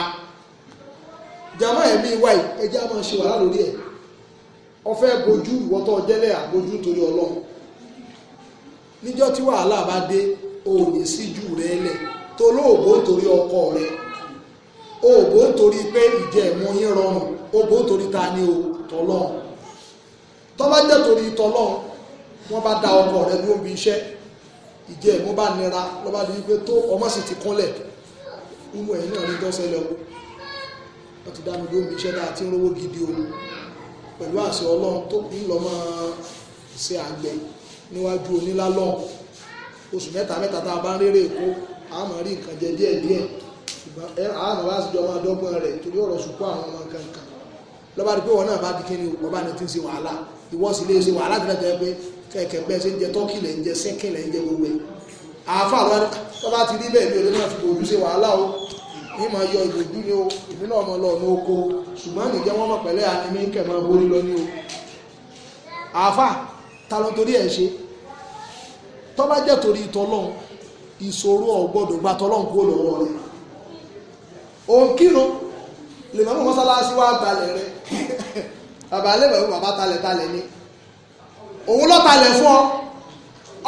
jama ẹ̀mí wáyé ẹjẹ́ á máa ṣe wàhálà lórí ẹ̀ ọfẹ́ bojú ìwọ́tọ̀ jẹ́lẹ̀ àbojú torí ọlọ́run níjọ́ tí wàhálà bá dé o ò ní síjú rẹ lẹ̀ tó lóògbó torí ọkọ rẹ̀ ògbó nítorí pé ìjẹ ìmú yín rọrùn ògbó nítorí ta ni o tọlọ́run tọ́lá jẹ́ torí tọlọ́run wọ́n bá da ọkọ rẹ bí ó ń bi iṣẹ́ ìjẹ ìmú bá nira lọ́ba di wípé tó ọmọ sì ti kúnlẹ̀ nínú ẹ̀yìn náà ní tọ́sẹ̀lẹ̀ o wọ́n ti dánu bí ó ń bi iṣẹ́ dáa tí ń rówó gidi o pẹ̀lú àṣẹ ọlọ́run tó kù ń lọ mọ́ ṣe àgbẹ̀ níwájú onílá lọ́hùn oṣù mẹ́ta mẹ́ta tá a bá ń rérè èkó àmọ́ rí nǹkan jẹ díẹ̀díẹ̀ ṣùgbọ́n àwọn bàbá àti ìjọba ọdọ́gbọ́n rẹ̀ torí ọ̀rọ̀ sùpọ̀ àwọn ọmọ kankan lọ́ba rí pé wọn náà bá di kíni ọba náà ti ń ṣe wàhálà ìwọ sì lè ṣe wàhálà tẹ́lẹ̀ tẹ́lẹ̀ pé kẹ̀kẹ́ bẹ́ẹ̀ ṣe ń jẹ tọ́kì lẹ̀ ń jẹ sẹ́kì lẹ̀ ń jẹ gbogbo ẹ̀ àáfà lọ́ba ti rí bẹ́ẹ̀ mi ò lè náà fi ojú ṣe o ní máa yọ ìbòjú ni o ìbí náà mọ lọ́ọ̀nù oko ṣùgbọ́n nìjẹ́ wọ́n mọ̀ pẹ̀lẹ́ àníní kẹ̀mọ́ borí lọ ní o àáfà ta ló torí ẹ̀ ṣe tọ́ba jẹ́ torí tọlọ́hun ìṣòro ọ̀gbọ́dọ̀ gba tọlọ́hun kúrò lọ́wọ́ rẹ̀ òun kírun lè mọ́ mọ́sálásí wá gbalẹ̀ rẹ bàbá lè mọ̀ bàbá talẹ̀ talẹ̀ ni òun lọ́ talẹ̀ fún ọ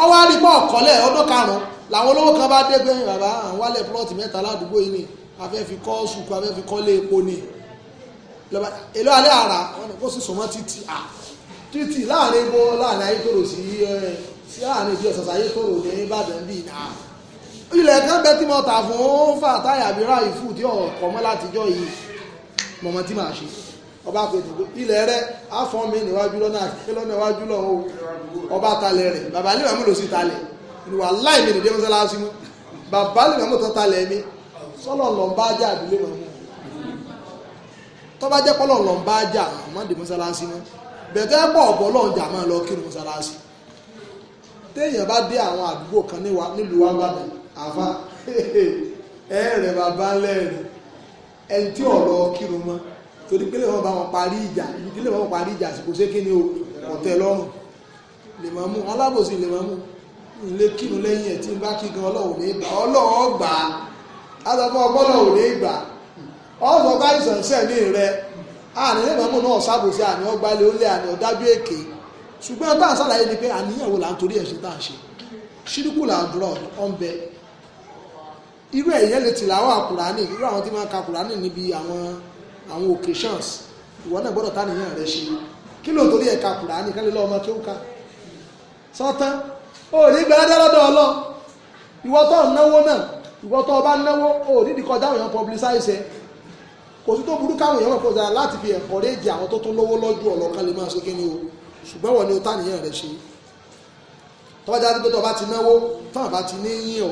ọwọ́ arígbọ́ ọ̀kọ́lẹ̀ ọdún karùn-ún làwọn olówó kan bá dé gbẹ̀yìn bàbá àwọn wálẹ̀ plọ́ọ̀tì mẹ́ta ládùúgbò yìí ni afẹ́ fi kọ́ sùkú afẹ́ fi kọ́ lé epo ni èlò alẹ́ ara wọn na kó sì titi títì à títì láàrin láàrin ayétòrò sí ọ̀sán ayétòrò ní Ìbàdàn bíi ilẹ̀ kan bẹ́ tí mo tà fún fàtáyà bí ráyì fún tí ọ̀kọ̀ mọ́ látijọ́ yìí mọ̀mọ́ tí màá ṣe ọba pẹ̀tùkú ilẹ̀ rẹ̀ àfọ́n mi níwájú lọ́nà àti lọ́nà iwájú lọ́wọ́ ọba talẹ̀ rẹ̀ bàbá lè mọ̀ lọ sí talẹ̀ ìwà láì mi mú bàbá lè talẹ̀ mi sọ́lọ̀ lọ́n bá jà àdúlé mú bá jẹ́ pọ́lọ̀ lọ́n bá jà àmọ́dé mú bẹ̀tẹ́ ọ̀bọ̀ lọ́n jà máa lọ téèyàn bá dé àwọn àdúgbò kan nílùú wa àfa ẹ̀rẹ̀ bàbá lẹ́rìn ẹni tí ọ̀rọ̀ kírun mọ́ torí pé lẹ́wọ̀n bá wọn parí ìjà ibi tí lẹ́wọ̀n parí ìjà àsìkò ṣé kí ni o ọ̀tẹ̀ lọ́rùn lè máa mú alábòsí lè máa mú ilé kírun lẹ́yìn ẹ̀ tí ń bá kí gan ọlọ́run ní ìgbà ọlọ́run gbà á azọ́fọ́ ọgbọ́lọ́run ní ìgbà ọ̀sọ̀ bá ìsànṣẹ́ ní rẹ àní lè máa mú náà sábòsí àní ọgbà ilé ó lé àní ọ̀dájú èké ṣùgbọ́n bá àṣàlàyé ni pé àníyàwó là ń torí ẹ̀ ṣe tá à ń ṣe ṣídùkù là ń dúró ọ̀nbẹ irú ẹ̀yẹ́ lè tìláwà kùránì irú àwọn tí máa ka kùránì níbi àwọn àwọn occasions ìwọ náà gbọ́dọ̀ tánìyàn rẹ ṣe kí ló torí ẹ̀ka kùránì kálẹ̀ lọ́wọ́ ọmọ kí ó ka sọ́tán ó ní gbẹ́lẹ́dẹ́ lọ́dọ̀ ọlọ́ ìwọ tó náwó náà ìwọ tó bá náwó ó nídìí kọjá òyàn publicize kò sí tó burú káwọn èèyàn kọjá láti fi encourage àwọn tó tún lówó lọ́jú ọ̀lọ́ kan lè máa ṣe kíni o ṣùgbọ́n wọ́n ni ó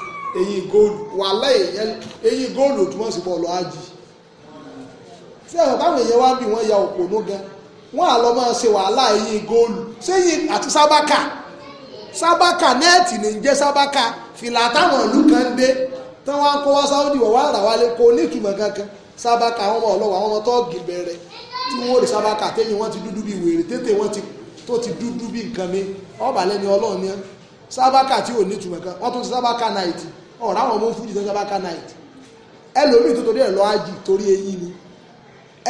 eyín góòlù wàhálà èèyàn eyín góòlù túmọ̀ sí bọ́ọ̀lù ájì tí àwọn táwọn èèyàn wá bí wọ́n ya òpònú gan wọ́n á lọ máa ṣe wàhálà eyín góòlù sẹ́yìn àti sábàkà sábàkà nẹ́ẹ̀tì ní jẹ́ sábàkà fìlà táwọn ìlú kan dé tán wá ń kó wá sáwọ́dì wọ̀ wá rà wálé kó onítumọ̀ kankan sábàkà àwọn ọmọ ọlọ́wọ́ àwọn ọmọ tọ́ọ̀gì bẹ̀rẹ̀ tí wọ́n rí sábàkà téyìn wọ́n ti dúdú bí wèrè tété wọ́n ti tó ti dúdú bí nǹkan mi ọ̀bàlẹ́ni ọlọ́ọ̀ni sábàkà tí ò nítumọ̀ kan wọ́n tún ti sábàkà náìtì ọ̀rọ̀ àwọn ọmọ fújì tó sábàkà náìtì ẹlòmíì tó torí ẹ̀ lọ hajj torí eyín ni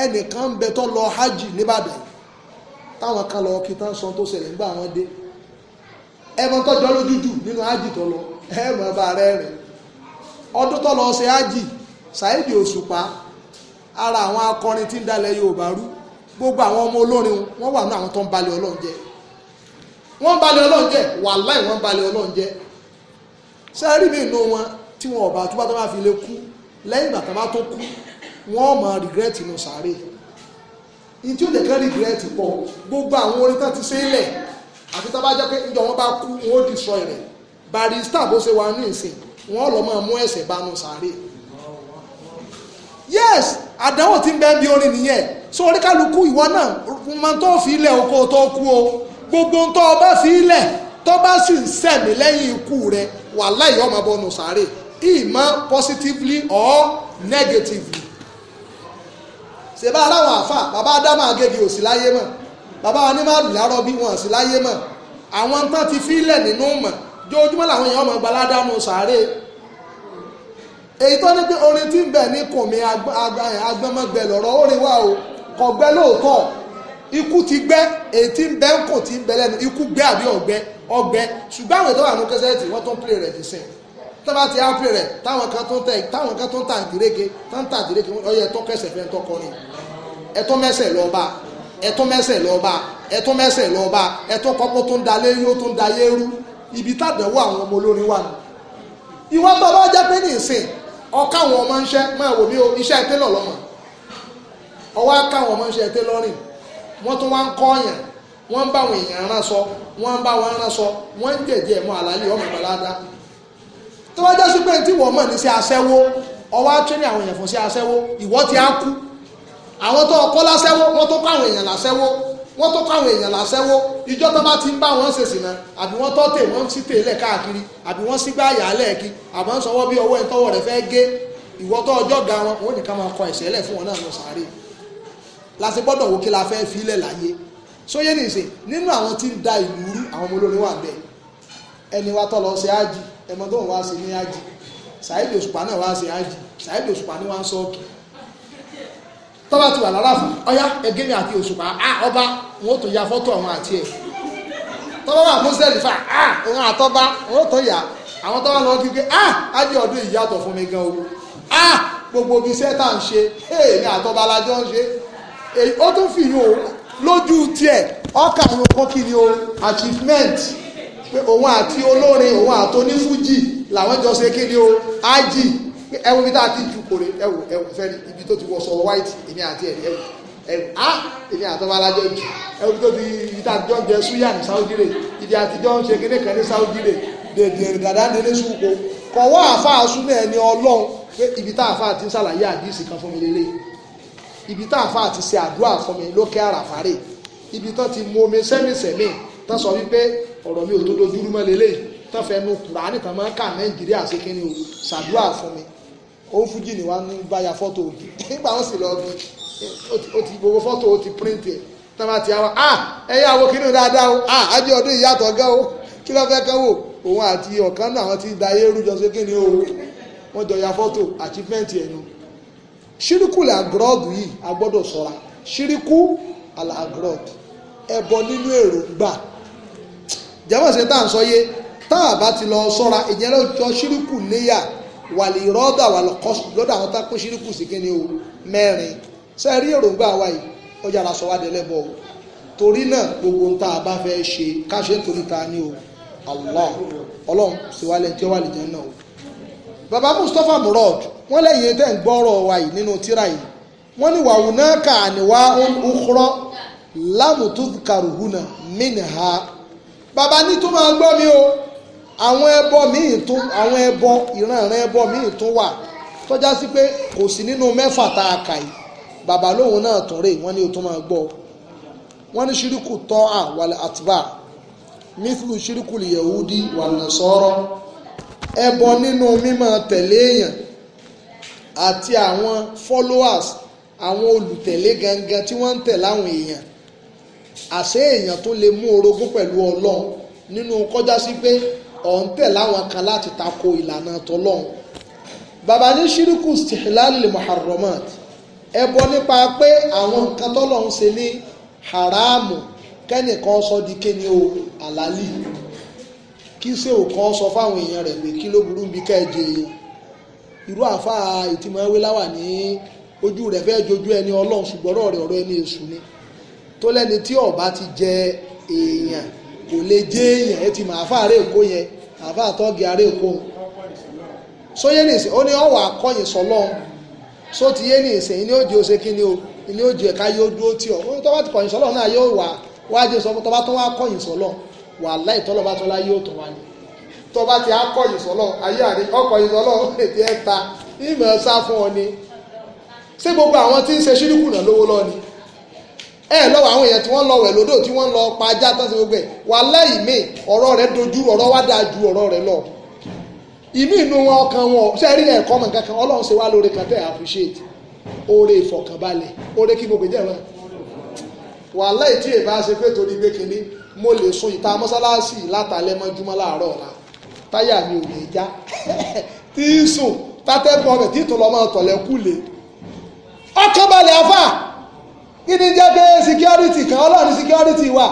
ẹnìkan ń bẹ tó lọ hajj táwọn kan lọ kí tán san tó ṣẹlẹ̀ nígbà wọn dé ẹmọ tọjọ nínú hajj tó lọ ẹmọ bá rẹ rẹ ọdún tó lọ ara àwọn akọrin tí ń dalẹ̀ gbogbo àwọn ọmọ olórin wọn wà ní àwọn tó wọ́n balẹ̀ ọlọ́run jẹ́ wàláì wọ́n balẹ̀ ọlọ́run jẹ́ sẹ́rí mi inú wọn tí wọn ọba tó bá tó bá fi lè kú lẹ́yìn ìgbà tó bá tó kú wọ́n mọ̀ regret inú sàárè ní tí ó dẹ̀ kẹ́ regret pọ̀ gbogbo àwọn orin tán ti sẹ́lẹ̀ àti tá a bá jẹ́ pé ìjọ wọn bá kú wọn ó destroy rẹ̀ barista bó ṣe wà ní ìsìn wọn lọ máa mú ẹsẹ̀ bánu sàárè yes àdánwò ti ń bẹ́ẹ̀ bí orin nìyẹn so oríkàlùkù ìwọ náà mo máa tó fi ilẹ̀ oko tó kú o. gbogbo ń ọba fi ilẹ̀ tọ́ba sì ń sẹ̀mí lẹ́yìn ikú rẹ̀ wàláhì ọmọ bọ́nu sáré ìmọ̀ positively or negatively. ṣèbá aláwọ̀ àfà bàbá ádámà agége ò sí láyé mọ́ wa ní má lù lárọ́ bí sí láyé àwọn tán ti fi ilẹ̀ nínú mọ̀ jójúmọ́ làwọn èèyàn ọmọ gbaládàmú sáré èyí tó ní pé orin tí ń ní kùnmí lọ́rọ̀ ó ikú ti gbẹ́ ètí ń bẹ ń kò tí ń bẹ lẹ́nu ikú gbẹ́ àbí ọ̀gbẹ́ ọ̀gbẹ́ ṣùgbọ́n àwọn ètò àwọn kẹsẹ́ẹ̀tì wọ́n tún play rẹ̀ ti sìn tọ́ba ti ápè rẹ̀ táwọn kan tó ń tẹ̀ táwọn kan tó ń tà ìdíreke tó ń tà ìdíreke ọyẹ ẹ̀tọ́ kẹsẹ̀ fẹ́ ẹ̀tọ́ kọrin ẹ̀tọ́ mẹ́sẹ̀ lọ́ba ẹ̀tọ́ mẹ́sẹ̀ lọ́ba ẹ̀tọ́ mẹ́sẹ̀ lọ́ba ẹ̀tọ́ kọ́kọ́ tó ń dalé yóò tó ń dayé rú ibi tàdánwò àwọn ọmọ olórin wà nù. ìwọ́n tó bá jẹ́ pé ní ìsìn ọkọ àwọn ọmọ ń ṣẹ́ máa wò mí o iṣẹ́ tẹ́lọ̀ lọ́mọ ọwọ́ wọ́n tún wá ń kọ́ ọ̀yàn wọ́n ń bá àwọn èèyàn rán sọ wọ́n ń bá wọn rán sọ wọ́n ń jẹ̀jẹ̀ mọ́ àlàálẹ̀ ọmọ ìgbàládá tó wá jásí pé tí wọ́n mọ̀ ní sí aṣẹ́wó ọwọ́ àtúnyẹ̀ àwọn èèyàn fún sí aṣẹ́wó ìwọ ti á kú àwọn tó ọkọ́ láṣẹ́wó wọ́n tó kọ́ àwọn èèyàn láṣẹ́wó wọ́n tó kọ́ àwọn èèyàn láṣẹ́wó ìjọ tó bá ti ń bá wọn ṣèṣì náà àbí wọ́n tọ́ tè wọ́n sì tèlẹ̀ káàkiri àbí wọ́n sì gbá àyàlẹ̀ kí àbọ̀ ń sọwọ́ bí ọwọ́ ẹ̀ tọwọ́ rẹ̀ fẹ́ gé ìwọ tó ọjọ́ ga wọn òun nìkan máa kọ ìṣẹ̀lẹ̀ fún wọn náà lọ sàárè la ṣe gbọ́dọ̀ wò kí la fẹ́ filẹ̀ láyé sóyè nìsín nínú àwọn tí ń da ìlú rú àwọn ọmọ olórin wà bẹ́ẹ̀ ẹni wa tọ́ lọ ṣe ájì ẹmọ tó ń wá ṣe ní ájì ṣáìdì òṣùpá náà wá ṣe ájì ṣáìdì òṣùpá ní wá ń sọ́ọ̀kì tọ́ba ti wà lára fún ọyá ẹgẹ́ mi àti òṣùpá á ọba wọn ó tún ya fọ́tò àwọn àti ẹ̀ tọ́ba wà fún sẹ́ẹ̀lì fà á òun àtọ́ba wọn ó tún yà àwọn tọ́ba lọ kí pé á ájì ọdún ìyàtọ̀ fún mi gan owó á gbogbo ibi iṣẹ́ tá à ń ṣe èmi àtọ́ba la jọ ń ṣe ó tún fi yún o lójú tiẹ̀ ọkà àwọn ọkọ kiri o achievement pé òun àti olórin òun àti onífújì làwọn jọ ṣe kiri o ájì ẹwù bí tá a ti ju kore ẹwù ẹwù fẹ́ni ibi tó ti wọ sọ white èmi àti ẹ̀ ẹwù ẹwù á èmi àtọ́wọ́ alájọ jù ẹwù tó ti ibi tá a jọ jẹ suya ní Saudi rè ibi àtijọ́ ń ṣe kíní kan ní Saudi rè dèdè dàdá délé sùkò kọ̀wọ́ àfa àsúnà ẹni ọlọ́run pé ibi tá àfa àti ń ṣàlàyé àdìsí kan fún mi lélẹ́yìí ibi tá àfa àti ṣe àdúrà fún mi lókè àràfàrè ibi tán ti mu omi sẹ́mìsẹ́mì tán sọ wípé ọ̀rọ̀ mi ò tó dojú rúmọ́ lélẹ́yìí tán fẹ́ nu kùránì kan máa ń kà nàìjíríà ṣe kí ni o ṣàdúrà fún mi ó ń fújì ní wa ń báyà fọ́tò òbí nígbà wọn sì lọ bí ó ti gbogbo fọ́tò ó ti print ẹ̀ tán bá ti àwọn ah ẹ̀yà àwọn kìnnì dáadáa o ah ajé ọdún ìyàtọ̀ gan o kí ló fẹ́ kán wò òun àti ọ̀kan náà àwọn ti da ayé rújọ ṣe kí ni o wọ́n jọ ya fọ́tò achievement ẹ̀ nu ṣíríkù làgọ́rọ́dù yìí a gbọ́dọ̀ ṣọ́ra ṣíríkù làgọ́rọ́dù ẹbọ nínú èròǹgbà jẹ́wọ́ ṣe tá à ń sọ yé tá a bá ti lọ ṣọ́ra ìyẹn lọ́jọ́ ṣíríkù léyà wàlì rọ́dà wà lọ́kọ́sù lọ́dà àwọn tá a ṣíríkù sí kíni o mẹ́rin sẹ́ẹ̀rí èròǹgbà wa yìí ọjà la sọ wá délẹ̀ bọ̀ o torí náà gbogbo ń tá a bá fẹ́ ṣe ká ṣe torí ta ni o Allah ọlọ́run ṣèwálẹ̀ tí ó wà lè jẹ́ náà o bàbá Mustapha Murad wọ́n lẹ́yìn tẹ́ ń gbọ́rọ̀ wa yìí nínú tíra yìí wọ́n ní wàhù náà kà níwá òkúrọ́ lámùtú kàrùhùnà mìnìhà bàbá ní tó máa gbọ́ mi o àwọn ẹbọ míì tún àwọn ẹbọ ìranran ẹbọ míì tún wà tọ́já sí pé kò sí nínú mẹ́fà tá a kà yìí bàbá lóhùn náà tún rè wọ́n ní o tún máa gbọ́ wọ́n ní ṣíríkù tọ́ à wàlẹ̀ àtìbà mithlu ṣíríkù yahudi wàlẹ̀ sọ́rọ́ ẹbọ nínú mímọ tẹ̀lé èèyàn àti àwọn followers àwọn olùtẹ̀lé gangan tí wọ́n ń tẹ̀ láwọn èèyàn àṣé èèyàn tó lè mú orogún pẹ̀lú ọlọ́run nínú kọjá sí pé ọ̀n tẹ̀ láwọn kan láti tako ìlànà tọlọ́run bàbá ní ṣírùkù stihlali muharramat ẹbọ nípa pé àwọn nǹkan tọlọ́run ṣe ní haramu kẹ́nìkan sọ di kéni o àlálì kí sèwò kan sọ fáwọn èèyàn rẹ̀ pé kí ló burú bí ká ẹ irú àáfàá ìtìmọ̀ ewé láwà ní ojú rẹ̀ fẹ́ jojú ẹni ọlọ́run ṣùgbọ́n ọ̀rọ̀ rẹ̀ ọ̀rọ̀ ẹni èṣù ni tó lẹ́ni tí ọba ti jẹ èèyàn kò lè jẹ èèyàn ẹ ti mọ àáfàá àárẹ̀ èkó yẹn àáfàá àtọ́gì àárẹ̀ èkó sóyé nìsí ó ní ọwọ́ akọ́yìn sọlọ́run só ti yé nìsí ní ó jẹ́ ó ṣe kí ni o ní ó jẹ́ ẹ̀ka yóò dúró tì ọ́ ó ní tọ́ba ti kọ̀yìn sọlọ́run náà yóò wà wájú sọ tọ́ba tó wá kọ̀yìn sọlọ́run wà láì tọ́lọ́ba tọ́lá yóò tọ́ wa ni tọba ti akọ̀yìn sọ́lọ́ ayé àrí ọkọ̀yìn sọ́lọ́ ètè ẹ̀ta ìmọ̀ ẹ̀sá fún ọ ni ṣé gbogbo àwọn tí ń ṣe ṣíríkù náà lówó lọ ni ẹ lọ́wọ́ àwọn èèyàn tí wọ́n lọ wẹ̀ lódò tí wọ́n lọ pa ajá tán sí gbogbo ẹ̀ wà lẹ́yìn mi ọ̀rọ̀ rẹ dojú ọ̀rọ̀ wá dáa ju ọ̀rọ̀ rẹ lọ ìmí inú wọn ọkàn wọn ṣe rí ẹ̀kọ́ mọ̀ kankan ọlọ́run ṣe wá lóore kan tẹ́ appreciate oore ìfọ̀kànbalẹ̀ oore kí gbogbo jẹ́ wọn wà lẹ́yìn tí èèbá ṣe pé torí gbé kínní mo lè sun ìta mọ́sálásì látàlẹ́ mọ́júmọ́ láàárọ̀ ọ̀la táyà mi ò lè já tí í sùn tátẹ́gùn ọbẹ̀ tí ìtòlọ́ máa tọ̀lẹ́ kú lè ọkàn balẹ̀ afá kí ni jẹ́ pé security kan ọlọ́run security wà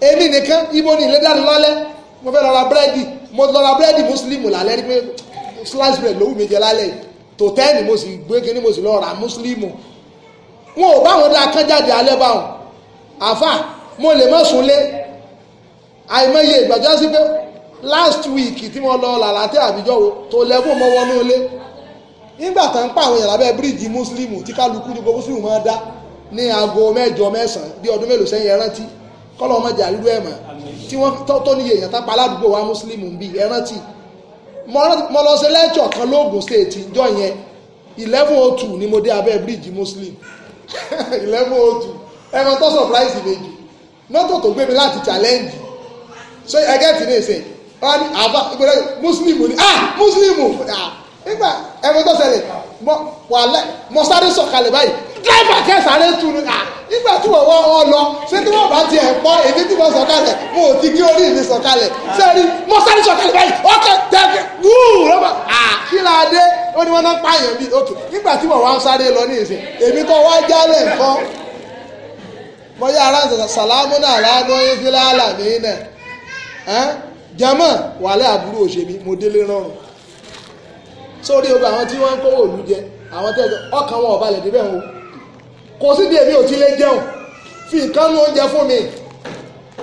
èmi nìkan ibo ni ilé dání lálẹ́ mo fẹ́ lọ ra búrẹ́dì mo lọ ra búrẹ́dì mùsùlùmù lálẹ́ rí pé slice bread lówù mi jẹ lálẹ́ tó tẹ́ẹ̀nì mo sì gbé kí ni mo sì lọ ra mùsùlùmù wọn ò báwọn dá kán jáde alẹ́ báwọn àfà mo lè mọ̀ sùn lé àìmọye ìgbàjọ́sí pé last week tí mo lọ làlàtẹ́ àbíjọ́ wo tó lẹ́gbọ́n mọ́ wọnú ilé nígbà tá ń pa àwọn èèyàn lábẹ́ bíríìjì mùsùlùmù tí kálukú ní gbogbo mùsùlùmù máa dá ní aago mẹ́jọ mẹ́sàn-án bí ọdún mélòó sẹ́yìn ẹ rántí kọ́lọ́ ọmọ jà rírú ẹ̀ mọ́ tí wọ́n tó níye èèyàn tá pa aládùúgbò wa mùsùlùmù bíi ẹ rántí mo lọ sí lẹ́tọ̀ kan lóògùn stéètì ìjọ yẹn eleven oh two ni mo dé abẹ́ bíríìjì mùsùlùmù eleven oh two ẹ̀rọ tó surprise méjì mọ́tò tó gbé mi láti challenge so ẹgẹ́ ti ní ìsìn wọ́n ní àbá ìgbẹ́lẹ́ muslimu ni ah mùsùlùmù nígbà tó mọ báyìí tu ni ah nígbà tí wọ́n lọ ṣé tí wọ́n bá tiẹ̀ pọ́ èmi tí mo sọ̀kalẹ̀ mo ò ti orí mi ah kí la dé ó ní náà pààyàn bíi nígbà tí lọ ní ìsìn èmi mọ yàrá sàlámù náà náà jama wàhálà àbúrò òṣèlú mo délé rọrùn sórí ogun àwọn tí wọ́n ń kówó òlu jẹ àwọn tẹ́ ọkàn wọn ọ̀balẹ̀ débẹ̀ o kò sí bí èmi ò ti lè jẹun fi nǹkan nu oúnjẹ fún mi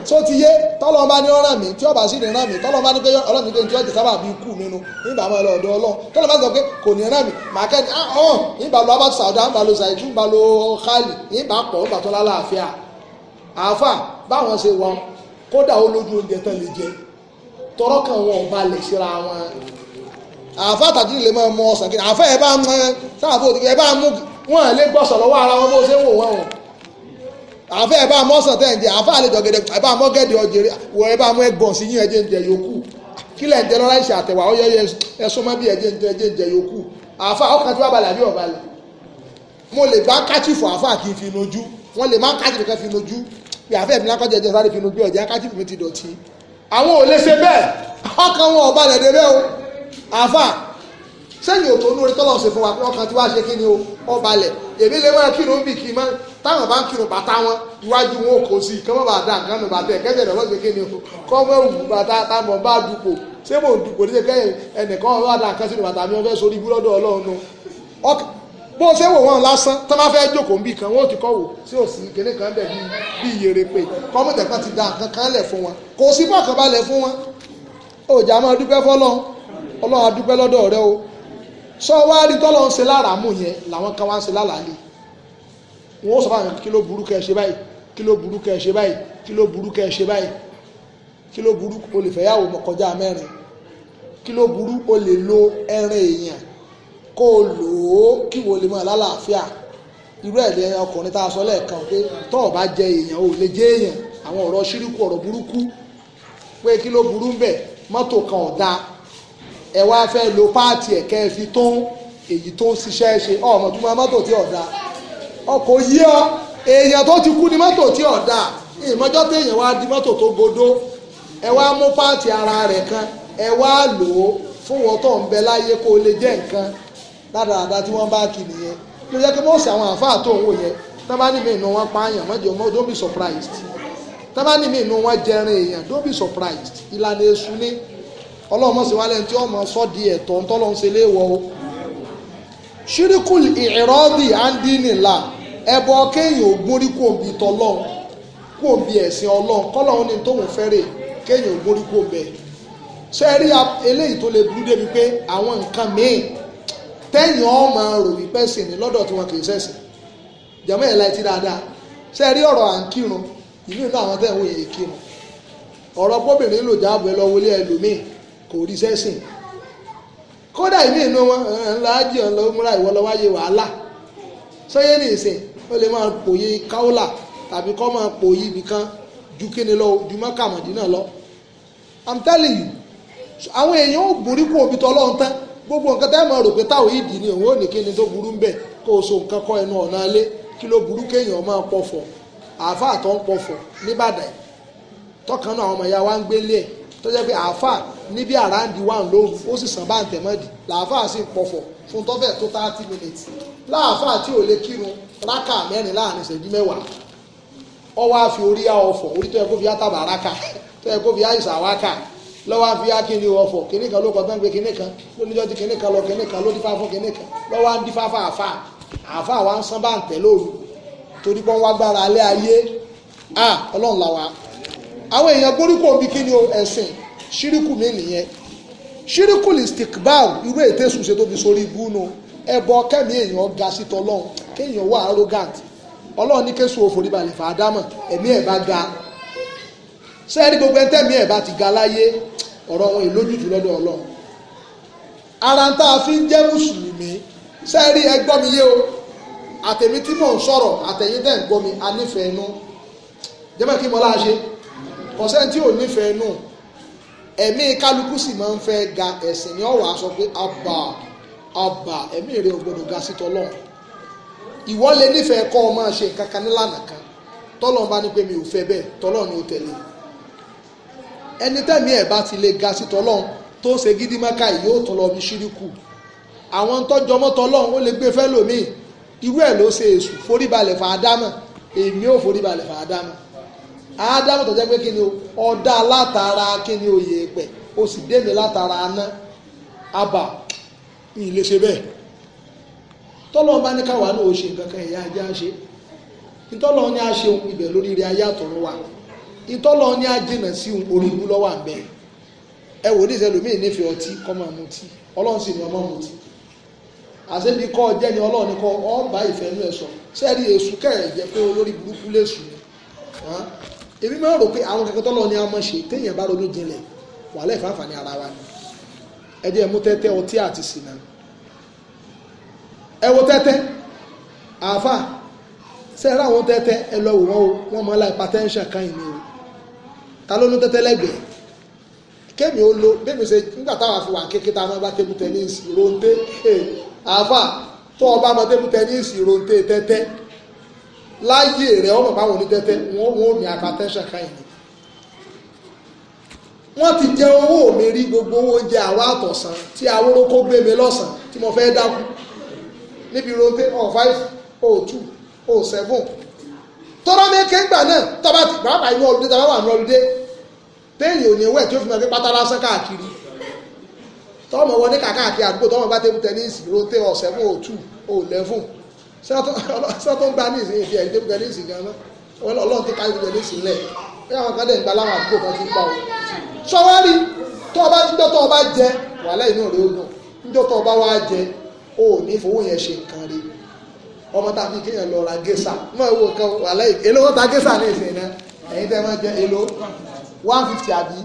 tó ti yé tọ́lọ́n bá ní ọ̀ràn mi tí ọba sì ní ọ̀ràn mi tọ́lọ́n bá ní pé ọlọ́run nígbà tí ọjà sábà bí kú mi nu nígbà máa lọ ọ̀dọ̀ ọlọ́run tọ́lọ́n bá sọ pé kò ní ọ̀ràn mi màá kẹ́ni ah, ọ̀hún nígbà lo abá sàdá nígbà lo zaitu nígbà lo khali nígbà pọ̀ nígbà tó lálàáfíà àáfà báwọn ṣe wọn kódà ó lójú oúnjẹ tán lè jẹ tọrọ kan wọn ò balẹ̀ síra wọn àfa tàbí lè máa mọ ọsàn kí àfa ẹ bá mọ sáàfó òdìgbò ẹ bá mú wọn lè gbọ́sọ̀ lọ́wọ́ ara wọn bó ṣe ń wò wọn o àfa ẹ bá mọ ọsàn tẹ̀ ń jẹ àfa àlejò gẹ̀dẹ̀ ẹ bá mọ gẹ̀dẹ̀ ọ̀jẹ̀rẹ̀ wọ ẹ bá mọ ẹgbọ̀n sí yín ẹjẹ̀ ń jẹ yòókù kí lẹ̀ ń jẹ lọ́ra ìṣe àtẹ̀wà ọyọ ẹ súnmọ́ bí ẹjẹ̀ ń jẹ ẹjẹ̀ ń jẹ yòókù àfa ọkàn tí wàá balẹ̀ àbí ọ̀balẹ̀ mo lè bá káchìfù àfa kì í fi nojú wọ́n lè má káchìfù kan fi nojú pé àfẹ́ mi lákọ́jọ́ ẹjẹ sáré fi nojú ọ̀jẹ̀ káchìfù mi ti dọ̀tí àwọn ò lè ṣe bẹ́ẹ̀ ọkàn wọn ọba rẹ̀ débẹ́ o àfà sẹ́yìn òtò onúure tọ́lọ̀ ṣe fún wa pé ọkàn tí wàá ṣe kí ni o ọba lẹ̀ èmi lè máa kírun bí kì í máa táwọn bá ń kírun bàtà wọn iwájú wọn kò sí kí wọ́n bá dá nǹkan nù bàtà ẹ̀ kẹ́sẹ̀ rẹ̀ lọ́sẹ̀ kí ni o kọ́ mọ́ òwú bàtà táwọn bá dupò ṣé mò ń dupò níṣẹ́ kẹ́yìn ẹnìkan wọ́n bá dá nǹkan sínú bàtà mi wọ́n fẹ́ sórí ibú lọ́dọ̀ ọlọ́run bó ṣe wò wọ́n lásán tó bá fẹ́ jókòó níbi kan wọ́n ò ti kọ́ wò sí òsì kíní kan bẹ̀ bí iyèrè pé kọ́mọ̀tẹ̀ kan ti da nǹkan kan lẹ̀ fún wọn kò sí bọ́ọ̀kan balẹ̀ fún wọn òjà máa dúpẹ́ fọlọ́n ọlọ́run adúpẹ́ lọ́dọ̀ rẹ o sọ wá rí tọ́lọ́ ń ṣe láràámù yẹn làwọn kan wá ń ṣe lálàálẹ̀ wọn ó sọ fáwọn kí ló burú kẹ́ ẹ ṣe báyìí kí ló burú kẹ́ ẹ ṣe báyìí kí ló burú kẹ́ ṣe báyìí kí ló burú o lè fẹ́yàwó mọ̀kọjá kí ló burú o lo ẹran èèyàn kó o lò ó kí wo lè máa lálàáfíà irú ẹ̀ lé ọkùnrin tá a sọ lẹ́ẹ̀kan pé tó o bá jẹ èèyàn o lè jẹ èèyàn àwọn ọ̀rọ̀ ṣíríkù ọ̀rọ̀ burúkú pé kí ló burú ń bẹ̀ mọ́tò kan ọ̀dà ẹ wá fẹ́ lo páàtì ẹ̀kẹ́ fi tó èyí tó ń ṣiṣẹ́ ṣe ọmọ tó máa mọ́tò tí ọ̀dà ọkọ̀ yí ọ èèyàn tó ti kú ni mọ́tò tí ọ̀dà ìmọ̀jọ́ tó èèyàn wá di mọ́tò tó godó ẹ wá mú páàtì ara rẹ̀ kan ẹ wá lò ó fún wọn tó ń bẹ láyé kó o lè jẹ́ nǹkan dáadáa tí wọ́n bá kì nìyẹn tó yẹ kí wọ́n sì àwọn àáfàá tó wò yẹn tó bá ní mi inú wọn pààyàn mọ́jọ mọ́ don't be surprised tó bá ní mi inú wọn jẹrin èèyàn don't be surprised ìlànà èṣù ni ọlọ́run mọ̀sí wálé tí ọmọ sọ́ọ̀dì ẹ̀tọ́ ń tọ́lọ́ ń ṣe léèwọ̀ o ṣírìkùl ìrọ́dì àndínìlá ẹbọ kéèyàn ògbórí kò bí tọlọ́run kò bí ẹ̀sìn ọlọ́run kọ́lọ́run ní tóun fẹ́rẹ̀ kéèyàn ògbórí kò bẹ̀ ṣe rí eléyìí tó lè burú débi pé àwọn nǹkan míì tẹ́yìn ọmọ rò wípé sìn ní lọ́dọ̀ tí wọn kì í sẹ̀sìn jẹ̀mọ́ ẹ̀ láti dáadáa ṣe rí ọ̀rọ̀ à ń kírun ìlú inú àwọn tẹ̀ ń wò yẹn kírun ọ̀rọ̀ pọ́bìnrin lò jáàbù ẹ lọ wọlé ẹlòmíì kò rí sẹ́sìn kódà ìlú inú wọn ńlá múra wàhálà sọyẹ́ ní ìsìn ó lè máa pòye tàbí kọ́ máa pòye ju kíni lọ ju lọ i'm telling you àwọn èèyàn ò borí kó gbogbo nǹkan tẹ́ mọ̀ rò pé táwọn ìdí ni òun ò ní kíni tó burú ń bẹ̀ kó o so nǹkan kọ́ ẹnu ọ̀nà alé kí ló burú kéèyàn máa pọ̀fọ̀ àáfàá tó ń pọ̀fọ̀ nìbàdàn tọkàn náà àwọn ọmọ ìyá wa ń gbélé ẹ̀ tó jẹ́ pé àáfàá níbi àràǹdì wà ń lóru ó sì sàn bá ń tẹ̀mọ́dì làáfàá sì ń pọ̀fọ̀ fún tọ́fẹ̀ tó thirty minutes láàfàá tí ò lè kírun rákà mẹ́rin láàrin ìṣẹ́jú mẹ́wàá ọ wá orí á ọfọ̀ orí tó yẹ kó fi á tàbà rákà tó yẹ kó fi á ìsàwákà lọ́wọ́ àfi akínni ọ̀fọ̀ kínní kan ló kọ́ tán gbé kínní kan lóníjọ́ ti kínní kan lọ kínní kan ló dífá fún kínní kan lọ́wọ́ à ń dífá fún àfà àfà wa ń sán bá ń tẹ̀ lóru torí pé wọ́n wá gbára alẹ́ ayé à ọlọ́run làwà. àwọn èèyàn gbóríkò bí kí ni o ẹ̀sìn ṣíríkù mi nìyẹn ṣíríkù listikbal irú ètè ṣùṣe tó fi sórí ibú nu ẹbọ kẹ́mi èèyàn ga sí tọlọ́run kéèyàn wà arrogant ọlọ́run ní kéṣù òfòrí balẹ̀ fàádámọ̀ ẹ̀mí ẹ̀ bá ga sẹ́ẹ̀rí gbogbo ẹ̀ tẹ̀mí ẹ̀ bá ti ga láyé ọ̀rọ̀ wọn lọ́dọ̀ ọlọ́run ara tá fi ń jẹ́ mùsùlùmí ẹ mi yé o àtẹ̀mí tí mò ń sọ̀rọ̀ àtẹ̀yìn tẹ̀ ń gbọ́ mi a nífẹ̀ẹ́ inú jẹ́mọ̀ kí ṣe kọ̀sẹ́ni tí ò nífẹ̀ẹ́ inú ẹ̀mí kálukú sì ga ẹ̀sìn ní ọ̀wà sọ pé àbà àbà ẹ̀mí ò ga sí tọ́lọ́run nífẹ̀ẹ́ kọ́ ọ máa ṣe nílànà kan tọ́lọ́run bá ní pé mi ẹni tẹ̀mí ẹ̀ bá ti lè ga sí tọ́lọ́hún tó ṣe gidi mọ́ká yìí yóò tún lọ bí ṣíríkù àwọn tọ́jọ́ mọ́ tọ́lọ́hún ó lè gbé fẹ́ lòmíì irú ẹ̀ ló ṣe èṣù foríbalẹ̀ fà ádámà èmi ò foríbalẹ̀ fà ádámà ádámà tó jẹ́ pé kí ni ọ̀dà látara kí ni òye pẹ̀ ó sì dé mi látara aná abà mi lè ṣe bẹ́ẹ̀ tọ́lọ́ bá ní káwa náà ó ṣe nǹkan kan ẹ̀yà ajá ṣe nítọ́lọ́ ní a ṣeun ibẹ̀ lórí ayé àtọ̀run wa ìtọ́lọ ní ajínà sí orígun lọ́wọ́ àbẹ̀ ẹ wò ní ìṣẹ̀lẹ̀ míì nífẹ̀ẹ́ ọtí kọ́ máa mutí ọlọ́run sì ni ọmọ mutí àṣẹbí kọ́ jẹ́ ni ọlọ́run ni kọ́ ọ bá ìfẹ́ inú ẹ̀ sọ sẹ́ẹ̀rí èṣù kẹ̀rẹ̀ jẹ́ pé olórí burúkú lè sùn ni èmi máa rò pé àwọn kẹ̀kẹ́ tọ́lọ ni a mọ̀ ṣe téèyàn bá ronú jinlẹ̀ wà lẹ́ẹ̀fà àǹfààní ara wa ni ẹ jẹ́ mú tẹ́tẹ́ ọtí àti sìnà ẹ wo tẹ́tẹ́ àáfà sẹ́ẹ̀rí àwọn tẹ́tẹ́ ẹ lọ wò wọ́n o wọ́n mọ̀ ni ta ló ní tẹ́tẹ́ lẹ́gbẹ̀ẹ́ kémi ó lo bẹ́ẹ̀mi ṣe nígbà táwọn àfi wà kékeré táwọn bá tẹ́bù tẹ́nísì ronté eh, àáfà tó ọba máa tẹ́bù tẹ́nísì ronté tẹ́tẹ́ láyé rẹ̀ ọmọ báwọn ní tẹ́tẹ́ wọ́n wọ́n mi hypertension ká ìní wọ́n ti jẹ owó mi rí gbogbo owó oúnjẹ àárọ̀ àtọ̀sán tí awórókó gbé mi lọ́sàn tí mo fẹ́ dákú níbi ronté oh five oh two oh seven tọ́rọ́ mẹ́kẹ́ ńgbà náà tọ́ba ti pàápàá inú ọlùdé tọ́ba wà ní ọlùdé téèyàn ò ní wẹ̀ tí ó fi máa gbé pátá lásán káàkiri tọ́mọ wọlé káàkiri àdúgbò tọ́mọ bá tébù tẹ́nísì rote ọ̀sẹ̀ fún òtù òlẹ́fún sọ́tún gba ní ìsìn ìfi ẹ̀yìn tébù tẹ́nísì gan-an ọlọ́run ti ká tébù tẹ́nísì lẹ̀ bí àwọn kan dẹ̀ gba láwọn àdúgbò kan ti gbà ó sọwárì tọ́ọ̀bá níjọ́ tọ́ọ̀bá jẹ wàhálà ọmọ tá a fi kéèyàn lọ ra géṣà mọ owó kan wàlẹ́ yìí èlò wọn ta géṣà ní ìsìn náà ẹ̀yin tẹ́ máa jẹ èlò one fifty àbí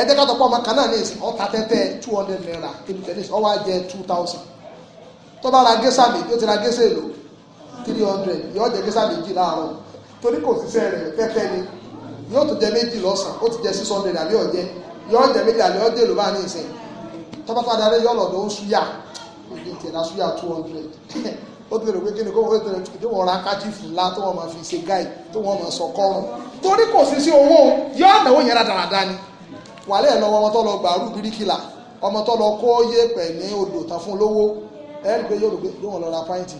ẹ̀jẹ̀ ká tọpọ̀ ọmọ kan náà ní ìsìn ọ̀tá tẹ́tẹ́ two hundred naira table tennis ọwọ́ àjẹ two thousand tó bá ra géṣà mi yóò ti ra géṣà èlò three hundred yóò jẹ géṣà méjì láàárọ̀ torí kò síṣẹ́ rẹ̀ tẹ́tẹ́ ni yóò tún jẹ méjì lọ́sàn ó ti jẹ six hundred àbí ọ̀jẹ́ yóò jẹ méjì àbí ọ̀jẹ́ ló bá ní ìsìn tọ́pọ̀ padà rẹ̀ yóò lọ́dọ̀ ó súyà ó two hundred ó ti rò pé kí ni kó wọ́n ti rò pé wọ́n ra kájífù ńlá tó wọ́n máa fi ṣe gáì tó wọ́n máa sọ kọ́rùn torí kò sí sí owó yọ àdáwó yẹn rádaràdá ni wàhálà ẹ̀ lọ́wọ́ ọmọ tó lọ gbàrú bíríkìlà ọmọ tó lọ kó yépẹ̀ ní odò tán fún lówó ẹ̀ rí pé yóò wọn lọ ra pàǹtì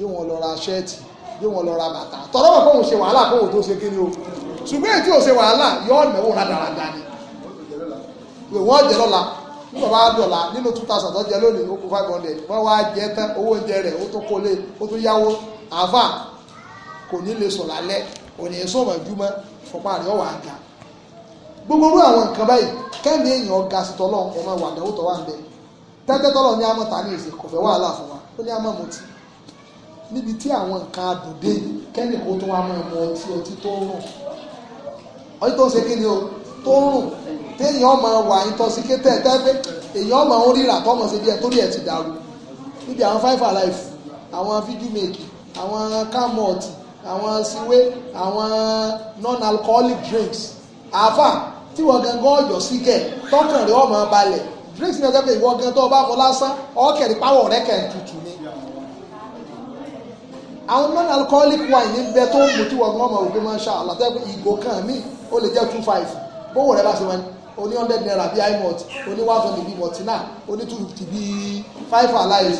yóò wọn lọ ra ṣẹ́ẹ̀tì yóò wọn lọ ra bàtà tọ́lọ́ mọ̀ kóhùn ṣe wàhálà kóhùn o ṣùgbọ́n èyí nígbà bá dọ̀la nínú two thousand tó jẹ lónìí ó kú five hundred wọ́n wá jẹ tán owó oúnjẹ rẹ̀ ó tó kólé ó tó yáwó àfà kò ní lè sùn lálẹ́ òní sọ̀rọ̀ ìjúmọ́ fọpá rẹ̀ ọ̀wà àga gbogbo orú àwọn nǹkan báyìí kẹ́mi èèyàn ga sí tọ́lọ́ ọmọ ìwà àdáwó tọ́ wà ń bẹ tẹ́tẹ́ tọ́lọ́ ní amọ̀ tàbí èsì kò fẹ́ wàhálà fún wa ó ní amọ̀ mutí níbi tí àwọn nǹkan àdùdé kẹ́mi kó tó wà mọ́ ọmọ ọtí ọtí tó rùn ọtí tó ń ṣe kí ni o tó rùn téèyàn ọmọ wà intoxicated tẹ́gbẹ́ èèyàn ọmọ ń ríra tọ́mọ̀ ṣe bí ẹ torí ẹ ti dàrú níbi àwọn five alive àwọn fídíò mèkì àwọn kámọ́ọ̀tì àwọn siwé àwọn non-alcoholic drinks àáfà tí wọ́n gangan ọ̀yọ́ sí kẹ̀ tọkàn rẹ̀ ọmọ balẹ̀ drinks ní ọjọ́ pé ìwọ gan tó o bá fọ lásán ọ̀kẹ́rì páwọ̀ rẹ̀ kẹ̀ tutù ni àwọn non-alcoholic wine ń bẹ tó ń mú tí wọ́n mọ̀ ògbé máa ń ṣá àlàtẹ́ ìgò kan míì ó lè jẹ́ two five bówó rẹ bá ṣe wá oní hundred naira bíi imot oní one twenty bíi mortina oní two fifty bíi five alive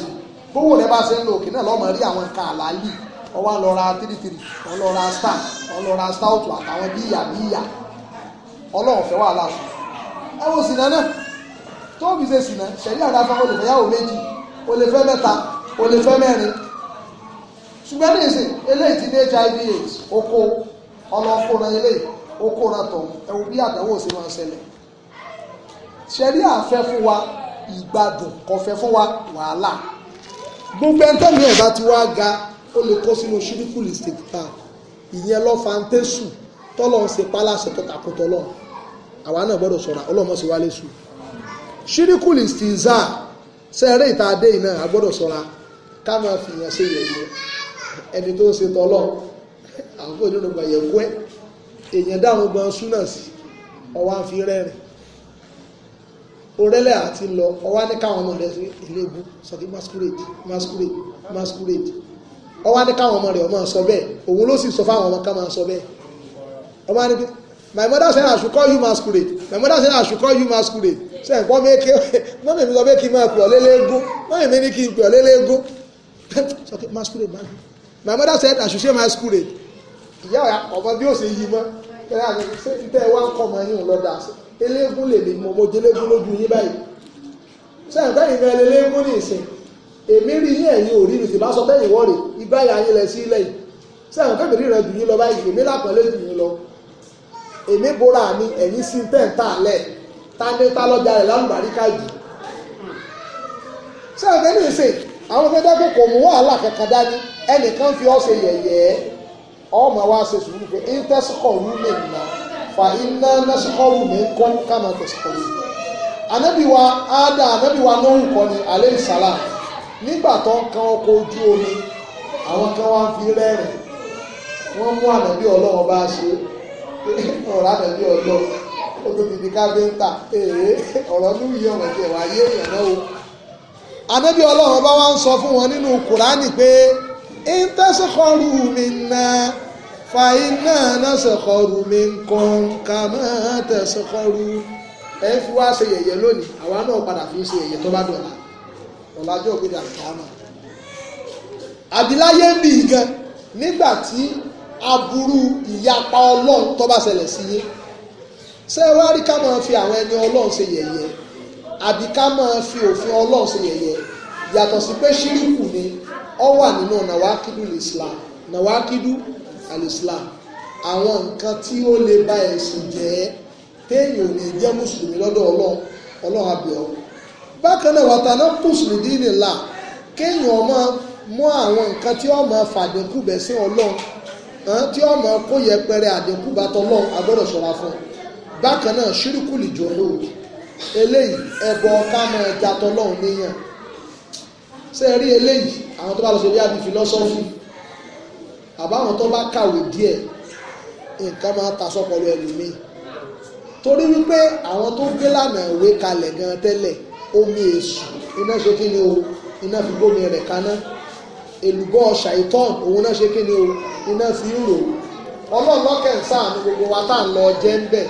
gbówó rẹ bá ṣe ń lo òkè náà lọ́mọ rí àwọn nǹkan àlàálì ọwọ́ àlọ́ra three three ọlọ́ra star ọlọ́ra stout àtàwọn bíyà bíyà ọlọ́run fẹ́ wàhálà fún ẹ wo sìnà náà tó fi ṣe sìnà ṣẹ̀rí àdáfà o lè fẹ́ yàwó méjì o lè fẹ́ mẹ́ta o lè fẹ́ mẹ́rin ṣùgbọ́n ní ìsìn eléyìí ti ní hiv aids oko ọlọ́kùnrin eléyìí oko rẹ̀ tọ̀ ẹ wo bí àdánwò sí máa ṣẹlẹ̀ ṣẹ̀rí àfẹ́ fún wa ìgbádùn kọfẹ́ fún wa wàhálà gbogbo ẹni tẹ́mi ẹ̀ bá ti wá ga ó lè kó sínú ṣíríkùlì ṣèkìtà ìyẹn lọ́fàǹtẹ́sù tọ́lọ́ ń ṣe pálásẹ̀ tó takò tọ́lọ́ àwa náà gbọ́dọ̀ ṣọ́ra ọlọ́mọ sì wálé sùn ṣíríkùlì ṣìzà sẹ́ẹ̀rẹ́ ìta adé iná a gbọ́dọ̀ ṣọ́ra ká máa fìyàn ṣe yẹ̀yẹ́ ẹni tó ń ṣe tọ́lọ́ àwọn fún ìdúnnùgbà yẹ̀kú ẹ̀ èèyàn dáhùn gan súnà sí ọwọ́ àfi rẹ́rìn orẹ́lẹ̀ àti lọ ọwá ní káwọn ọmọ rẹ̀ sí ilébú sọ̀tí masquerade masquerade masquerade ọwá ní káwọn ọmọ rẹ̀ ọmọ sọ bẹ́ẹ̀ òun ló sì sọ fáwọn ọmọ ká máa sọ bẹ́ẹ̀ ọmọ ní bí my mother said I should call you masquerade my mother said I should call you masquerade ṣe nǹkan méke mọ́mí mi sọ pé kí n máa pè ọ́ lélẹ́gún mọ́mí mi ní kí n pè ọ́ lélẹ́gún sọ̀tí masquerade man my mother said I should say masquerade ìyá ọmọ bí ó ṣe yí mọ́ tẹ́lẹ̀ àti tẹ́ ẹ wá ń kọ́ ọmọ yín lọ́dà sí eléégún lèmi mo mo jẹlégún lójú yín báyìí sẹ́yìn bẹ́yìn gan eléégún ní ìsìn èmi rí yín ẹ̀yin òrí mi sì bá sọ bẹ́yìn wọ́n rè ibà yà yín lẹ sí ilẹ̀ yìí sẹ́yìn kẹ́mi ríran jù yín lọ báyìí èmi lápẹ̀lẹ́ jù yín lọ èmi bora mi ẹ̀yin sí tẹ̀ǹtà lẹ̀ tani ta lọ́jà rẹ̀ lálùbáríkà jù sẹ́yìn bẹ́ẹ̀ ní ìsìn àwọn fẹ́ dákò kò mú wàhálà kankan dání ẹnìkan fi ọ́ ṣe yẹ̀yẹ́ ọmọ wa ṣe sùúrù pé intescom rúmẹ̀ nìyà fa iná nẹ́sọ̀kọ́rù mi ń kọ́ kàmá anabi wa ada anabi wa lóhùn kọ́ ni aleyhi salam nígbà tó kan ọkọ̀ ojú omi àwọn kan wá fi rẹ́rìn wọ́n mú anabi ọlọ́run bá ṣe ọ̀rọ̀ anabi ọlọ́run ó tó ti di káfíńtà ee ọ̀rọ̀ nínú yìí ọ̀rọ̀ tiẹ̀ wá yé èèyàn náà o anabi ọlọ́run bá wá ń sọ fún wọn nínú kùránì pé ń tẹ́sọ̀kọ́rù fàyínà náà sọ̀kọ̀rù mi nǹkan ká máa tẹ̀sọ̀kọ̀rù ẹ fi wá ṣe yẹ̀yẹ́ lónìí àwa náà padà fi ṣe yẹ̀yẹ́ tó bá dọ̀la ọ̀làjọ́ òkúta àkàmà àbíláyé ń bì í gan nígbà tí aburú ìyapa ọlọ́run tó bá ṣẹlẹ̀ sí yín ṣé wá rí ká máa fi àwọn ẹni ọlọ́run ṣe yẹ̀yẹ́ àbí ká máa fi òfin ọlọ́run ṣe yẹ̀yẹ́ yàtọ̀ sí pé ṣírùkù ni ó wà nínú nàwákídù Islam nàwákídù alislam àwọn nǹkan tí ó lè ba ẹ̀sìn jẹ́ téèyàn ò ní jẹ́ mùsùlùmí lọ́dọ̀ ọlọ́run ọlọ́run abẹ́ ọ bákan náà wàtá náà kùsùlù dínì là kéèyàn máa mú àwọn nǹkan tí ó máa fàdínkù bẹ̀ sí ọlọ́run tí ó máa kó yẹpẹrẹ àdínkù bá tọlọ́run agbọ́dọ̀ ṣọ́ra fún un bákan náà ṣírùkù lè jọ lóòrùn eléyìí ẹbọ ká máa ja tọlọ́run níyàn ṣé eléyìí àwọn tó bá lọ sí bí i philosophy àbáwọn tó bá kàwé díẹ̀ nǹkan máa tasọ pọlọ ẹlòmíì torí wípé àwọn tó gbé lànà ìwé kalẹ̀ gan tẹ́lẹ̀ omi èṣù iná ṣe kí ni o iná fi gbómi rẹ̀ kaná èlùbọ́ ṣàìtọ́n òun náà ṣe kí ni o iná fi ń rò ọlọ́run lọ́kẹ̀ ń sàánú gbogbo wa tá à ń lọ jẹ́ ń bẹ̀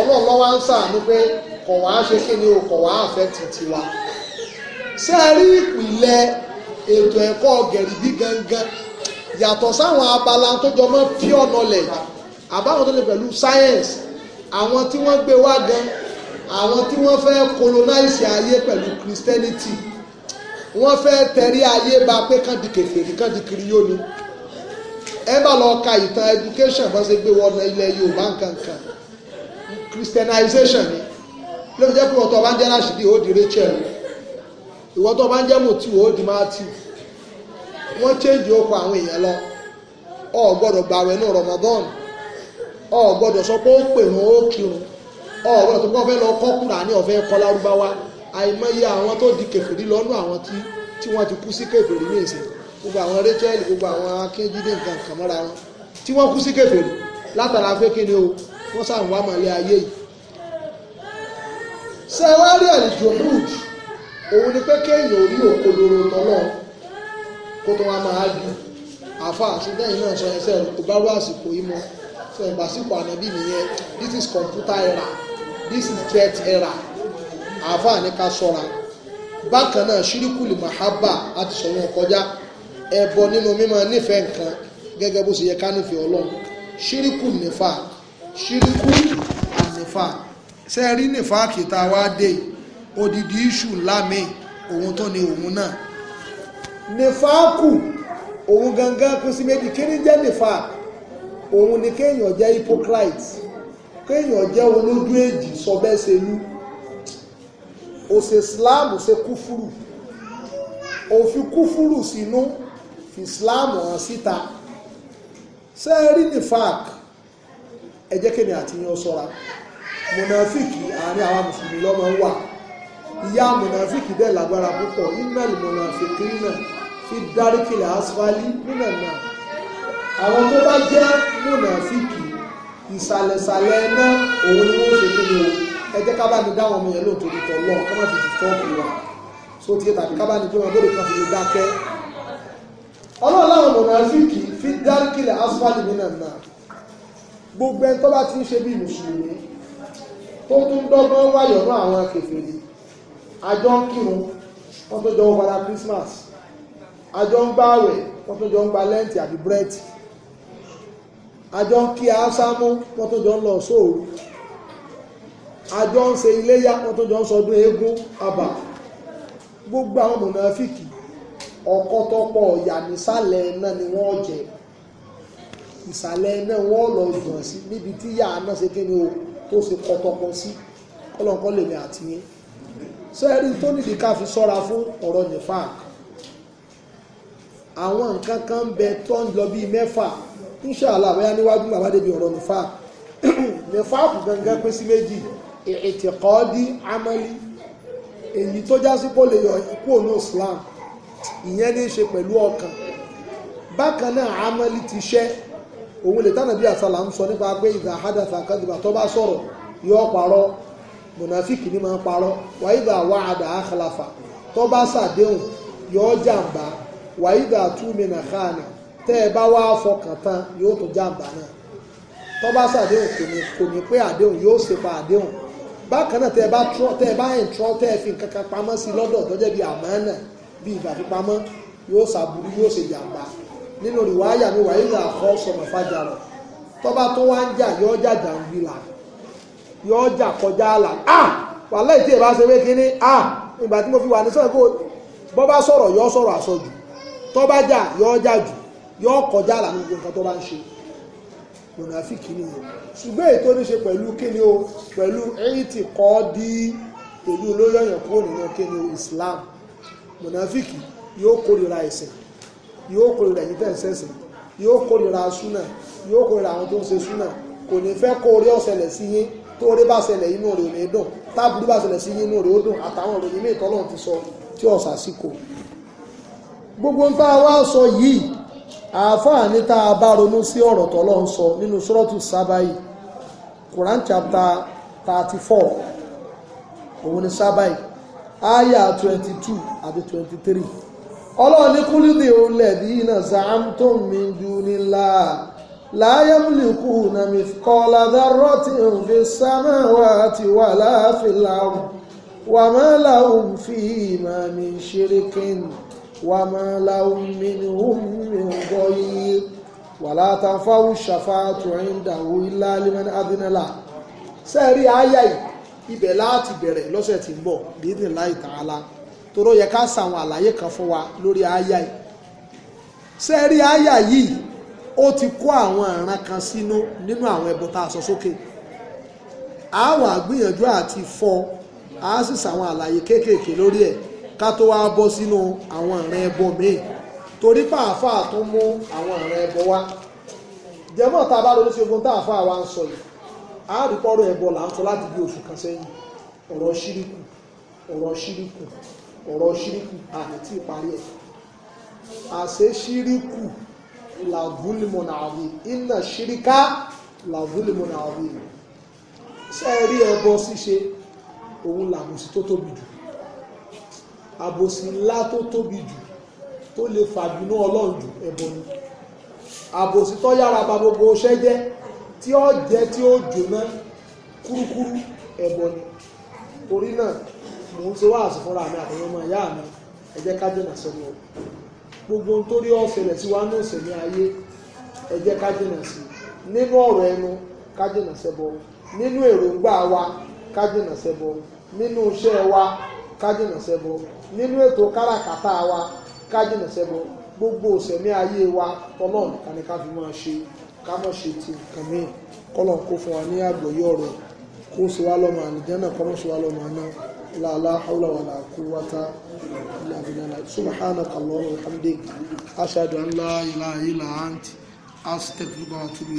ọlọ́run lọ́wọ́ ń sàánú pé kọ̀ ṣe kí ni o kọ̀ wá àfẹ́ títí wa ṣé ẹ rí ìpìlẹ̀ ètò ẹ̀kọ́ gẹ̀rìbí gangan yàtọ̀ sáwọn abala tó jọ mọ́ pure knowledge àbáwọn tó lè pẹ̀lú science àwọn tí wọ́n gbé wá gan àwọn tí wọ́n fẹ́ colonize ayé pẹ̀lú Christianity wọ́n fẹ́ tẹ̀rí ayé ba pé kàn di kèfèrí kàn di kiriyó ni ẹ bá lọ ka ìtàn education bá ṣe gbé wọnà ilẹ̀ Yorùbá nkankan Christianization ni lóbi jẹ́ pé ìwọ́n tó bá ń jẹ́ láṣìdí ó di Rachel ìwọ́n tó bá ń jẹ́ mọ̀tí ó di Matthew wọ́n change okò àwọn èèyàn lọ ọ gbọ́dọ̀ gbàwẹ̀ ní Ramadan ọ gbọ́dọ̀ sọ pé ó pèrún ó kírun ọ gbọ́dọ̀ tó kọ́ fẹ́ lọ kọ́ Kùránì ọ̀fẹ́ kọ́ lárúbáwá àìmọye àwọn tó di kèfèrí lọ́nù àwọn tí tí wọ́n ti kú sí kèfèrí ní ìsìn gbogbo àwọn Rachel gbogbo àwọn Akíndídé nǹkan kan mọ́ra wọn tí wọ́n kú sí kèfèrí látara pé kí ni o wọ́n sàn wá mọ̀lẹ́ ayé yìí. sẹ́wárì àlìjò hood òun ni pé kéèyàn orí òkòlóró tọ́lọ́ọ̀ kó tó wá máa bí àfa àṣetẹ́yìn náà sọ ẹsẹ̀ kò àsìkò yìí mọ́ sọ ìbásíkò ànábì nìyẹn this is computer era this is threat era àfa ní ká sọ́ra bákan náà ṣíríkùlì mahaba àti sọ̀rọ̀ wọn kọjá ẹbọ nínú mímọ nífẹ̀ẹ́ nǹkan gẹ́gẹ́ bó ṣe yẹ ká nífẹ̀ẹ́ ọlọ́run ṣíríkù nífà ṣíríkù ànífà sẹ́ẹ̀rí nífà kìtà wá dé odidi iṣu ńlá mi òun tó ni òun náà nìfàákù òun gangan kò sí méjì kí ni jẹ́ nìfàákù òun ni kéèyàn jẹ́ hypocrite kéèyàn jẹ́ olójú èjì sọbẹ́sẹ̀lú ó ṣe Islam ó ṣe kúfúrù ó fi kúfúrù sínú fi Islam hàn síta ṣé ẹ rí nifak ẹ jẹ́ kémi àti yan sọ́ra mọ̀nàfíìkì àárín àwọn mùsùlùmí lọ́mọ ń wà ìyá mọ̀nàfíìkì dẹ̀ lágbára púpọ̀ ìmẹ́lì mọ̀nàfíìkì náà fi dáríkìlà asfali nínà náà àwọn tó bá jẹ́ mùnàfíkì ìsàlẹ̀sàlẹ̀ náà òun ni wọ́n ṣe fún mi o ẹ jẹ́ ká bá ní dáwọn ọmọ yẹn lóòótọ́ lóòótọ́ lọ́ọ̀ ká má fi ti fọ́ọ̀kì wa so ti yẹ tàbí ká bá ní bí wọn bóde kan fi lè dákẹ́ ọlọ́run láwọn mùnàfíkì fi dáríkìlà asfali nínà náà gbogbo ẹni tó bá ti ń ṣe bí mùsùlùmí tó tún dọ́gbọ́n wáyọ̀ náà àwọn kèfèrí àjọ kírun wọ́n tó jọ wọ́n padà Christmas àjọ ń gba àwẹ̀ wọ́n tún jọ ń gba lẹ́ǹtì àbí búrẹ́dì àjọ ń kí aṣámú wọ́n tún jọ ń lọ sóòrù àjọ ń ṣe iléyá wọ́n tún jọ ń sọdún eégún àbà gbogbo àwọn mọ̀nàfíkì ọkọ ọ̀yà nísàlẹ̀ náà ni wọ́n jẹ ìsàlẹ̀ náà wọ́n lọ jùmọ̀ sí níbi tí yà á náà ṣe kí ni o tó ṣe kọtọpọ sí kọlọ̀ńkọ́ lèmi àti yín sẹ́ẹ̀rí tó nídìí ká fi sọ́ra fún ọ̀rọ̀ nìfàkì àwọn nǹkan kan ń bẹ tó ń lọ bíi mẹ́fà inṣàlá àbáyá níwájú bàbá débi ọ̀rọ̀ nìfà nìfà kù gangan pín sí méjì ìtìkọ́ọ́dí amali èyí tó já sí kó lè yọ ikú òun Islam ìyẹn ní í ṣe pẹ̀lú ọkàn bákan náà amali ti ṣẹ́ òun lè tánà bí àsàlà ń sọ nípa pé ìdá àhádàtà kàdìbà tó bá sọ̀rọ̀ yóò parọ́ mùnàfíkì ní máa parọ́ wà ìdá wà àdà àkàlàfà tó bá ṣàdéhùn yóò jàǹbá wàyídà túnmí nà káàní tẹ́ ẹ bá wá fọkàn tán yóò tún jàǹbá náà tọ́ba sàdéhùn kò ní kò ní pé àdéhùn yóò ṣe pa àdéhùn bákan náà tẹ́ ẹ bá trọ́ tẹ́ ẹ bá ẹ̀ trọ́ tẹ́ ẹ fi nǹkan kan pamọ́ sí lọ́dọ̀ tọ́jẹ́ bíi àmánà bíi ìgbàfipamọ́ yóò ṣàbùrú yóò ṣe jàǹbá nínú rìwáyà mi wàyídà kọ́ sọmọ fàjàrọ̀ tọ́ba tó wá ń jà yóò jà ah wàhálà ìtì ìbá ṣe wé kínní ah ìgbà tí mo fi wà ní sọ́ọ̀ bọ́ bá sọ̀rọ̀ yóò sọ̀rọ̀ àsọjù tó bá jà yọ jà jù yọ kọjá àlànà gbogbo nǹkan tó ń ṣe mọ̀nàfíkì ni o ṣùgbọ́n èyí tó ní ṣe pẹ̀lú kíni o pẹ̀lú èyí tí kọ́ di èyí olóyè ọ̀yàn kúrò nínú kíni o Islam mọ̀nàfíkì yóò kórìíra ẹ̀sìn yóò kórìíra ẹ̀yìn tẹ̀ ń sẹ́sìn yóò kórìíra súnà yóò kórìíra àwọn tó ń ṣe súnà kò ní fẹ́ kó orí ọ̀sẹ̀lẹ̀ sí yín tó orí bá ṣẹlẹ̀ inú rẹ̀ ò ní dùn tábùrú bá ṣẹlẹ̀ sí yín inú rẹ̀ ó dùn àtàwọn òròyìn mí gbogbo tá a wá sọ yìí àáfàá ní tá a bá ronú sí ọ̀rọ̀ tó lọ́n sọ nínú sọ́rọ́tù sábàyì Quran chapter thirty four òun ni sábàyì aya twenty two àti twenty three ọlọ́run ní kúlídìí olè bíi náà za'amtum min dunillah la yamlikuna mithqala dharratin fis samawati wala fil ard wa ma lahum fihima min shirkin. وما لهم منهم من ضيق ولا تنفع الشفاعة عنده إلا لمن أذن له sẹ́ẹ̀rí àyà ibẹ̀ láti bẹ̀rẹ̀ lọ́sẹ̀ ti ń bọ̀ bídìn láì toró yẹ ká sàwọn àlàyé kan fún wa lórí aya yìí aya yìí ó ti kó àwọn kan sínú nínú àwọn ẹbọ tá a sọ sókè àwọn àgbìyànjú àti fọ àá sì sàwọn àlàyé kéékèèké lórí ká tó wá bọ́ sínú àwọn ìran ẹbọ míì torí pàáfà tó mú àwọn ìran ẹbọ wá jẹmọ́ tá a bá lórí sí ogun tá àfà wa ń sọ yìí a rí pọ́rọ̀ ẹbọ là ń sọ láti bí oṣù kan sẹ́yìn ọ̀rọ̀ ṣíríkù ọ̀rọ̀ ṣíríkù ọ̀rọ̀ ṣíríkù àti tí ẹ̀ àṣẹ ṣíríkù làvúlìmọ̀nà àwìn iná ṣíríká làvúlìmọ̀nà àwìn ṣẹ́ẹ̀rí ẹbọ ṣíṣe òun làbùsí tó tóbi jù àbòsí ńlá tó tóbi jù tó lè fàbínú ọlọ́run jù ẹbọ ni àbòsí tó yára ba gbogbo jẹ́ tí ó jẹ́ tí ó jóná kúrúkúrú ẹbọ ni torí náà mò ń ṣe fúnra mi àtàwọn ọmọ ìyá mi gbogbo ó wa ní ayé ẹ jẹ́ sí nínú ọ̀rọ̀ ẹnu wa nínú iṣẹ́ wa kájìnà sẹ́bọ nínú ètò káràkátà wa kájìnà sẹ́bọ gbogbo òsẹ̀mí ayé wa tọ́lọ́ọ̀ nìkan ni ká fi máa ṣe ká mọ̀ ṣe ti nǹkan míì kọ́lọ̀ kó fún wa ní àgbọ́yé ọ̀rọ̀ kó sì wá lọ́mọ àlìjánà kọ́mọ̀ sì wá lọ́mọ àná láàlá haúlà wà láà kú wátá ìlàbìlànà subhanaka Allahumma wa hamdika ashhadu an la ilaha illa anta astaghfiruka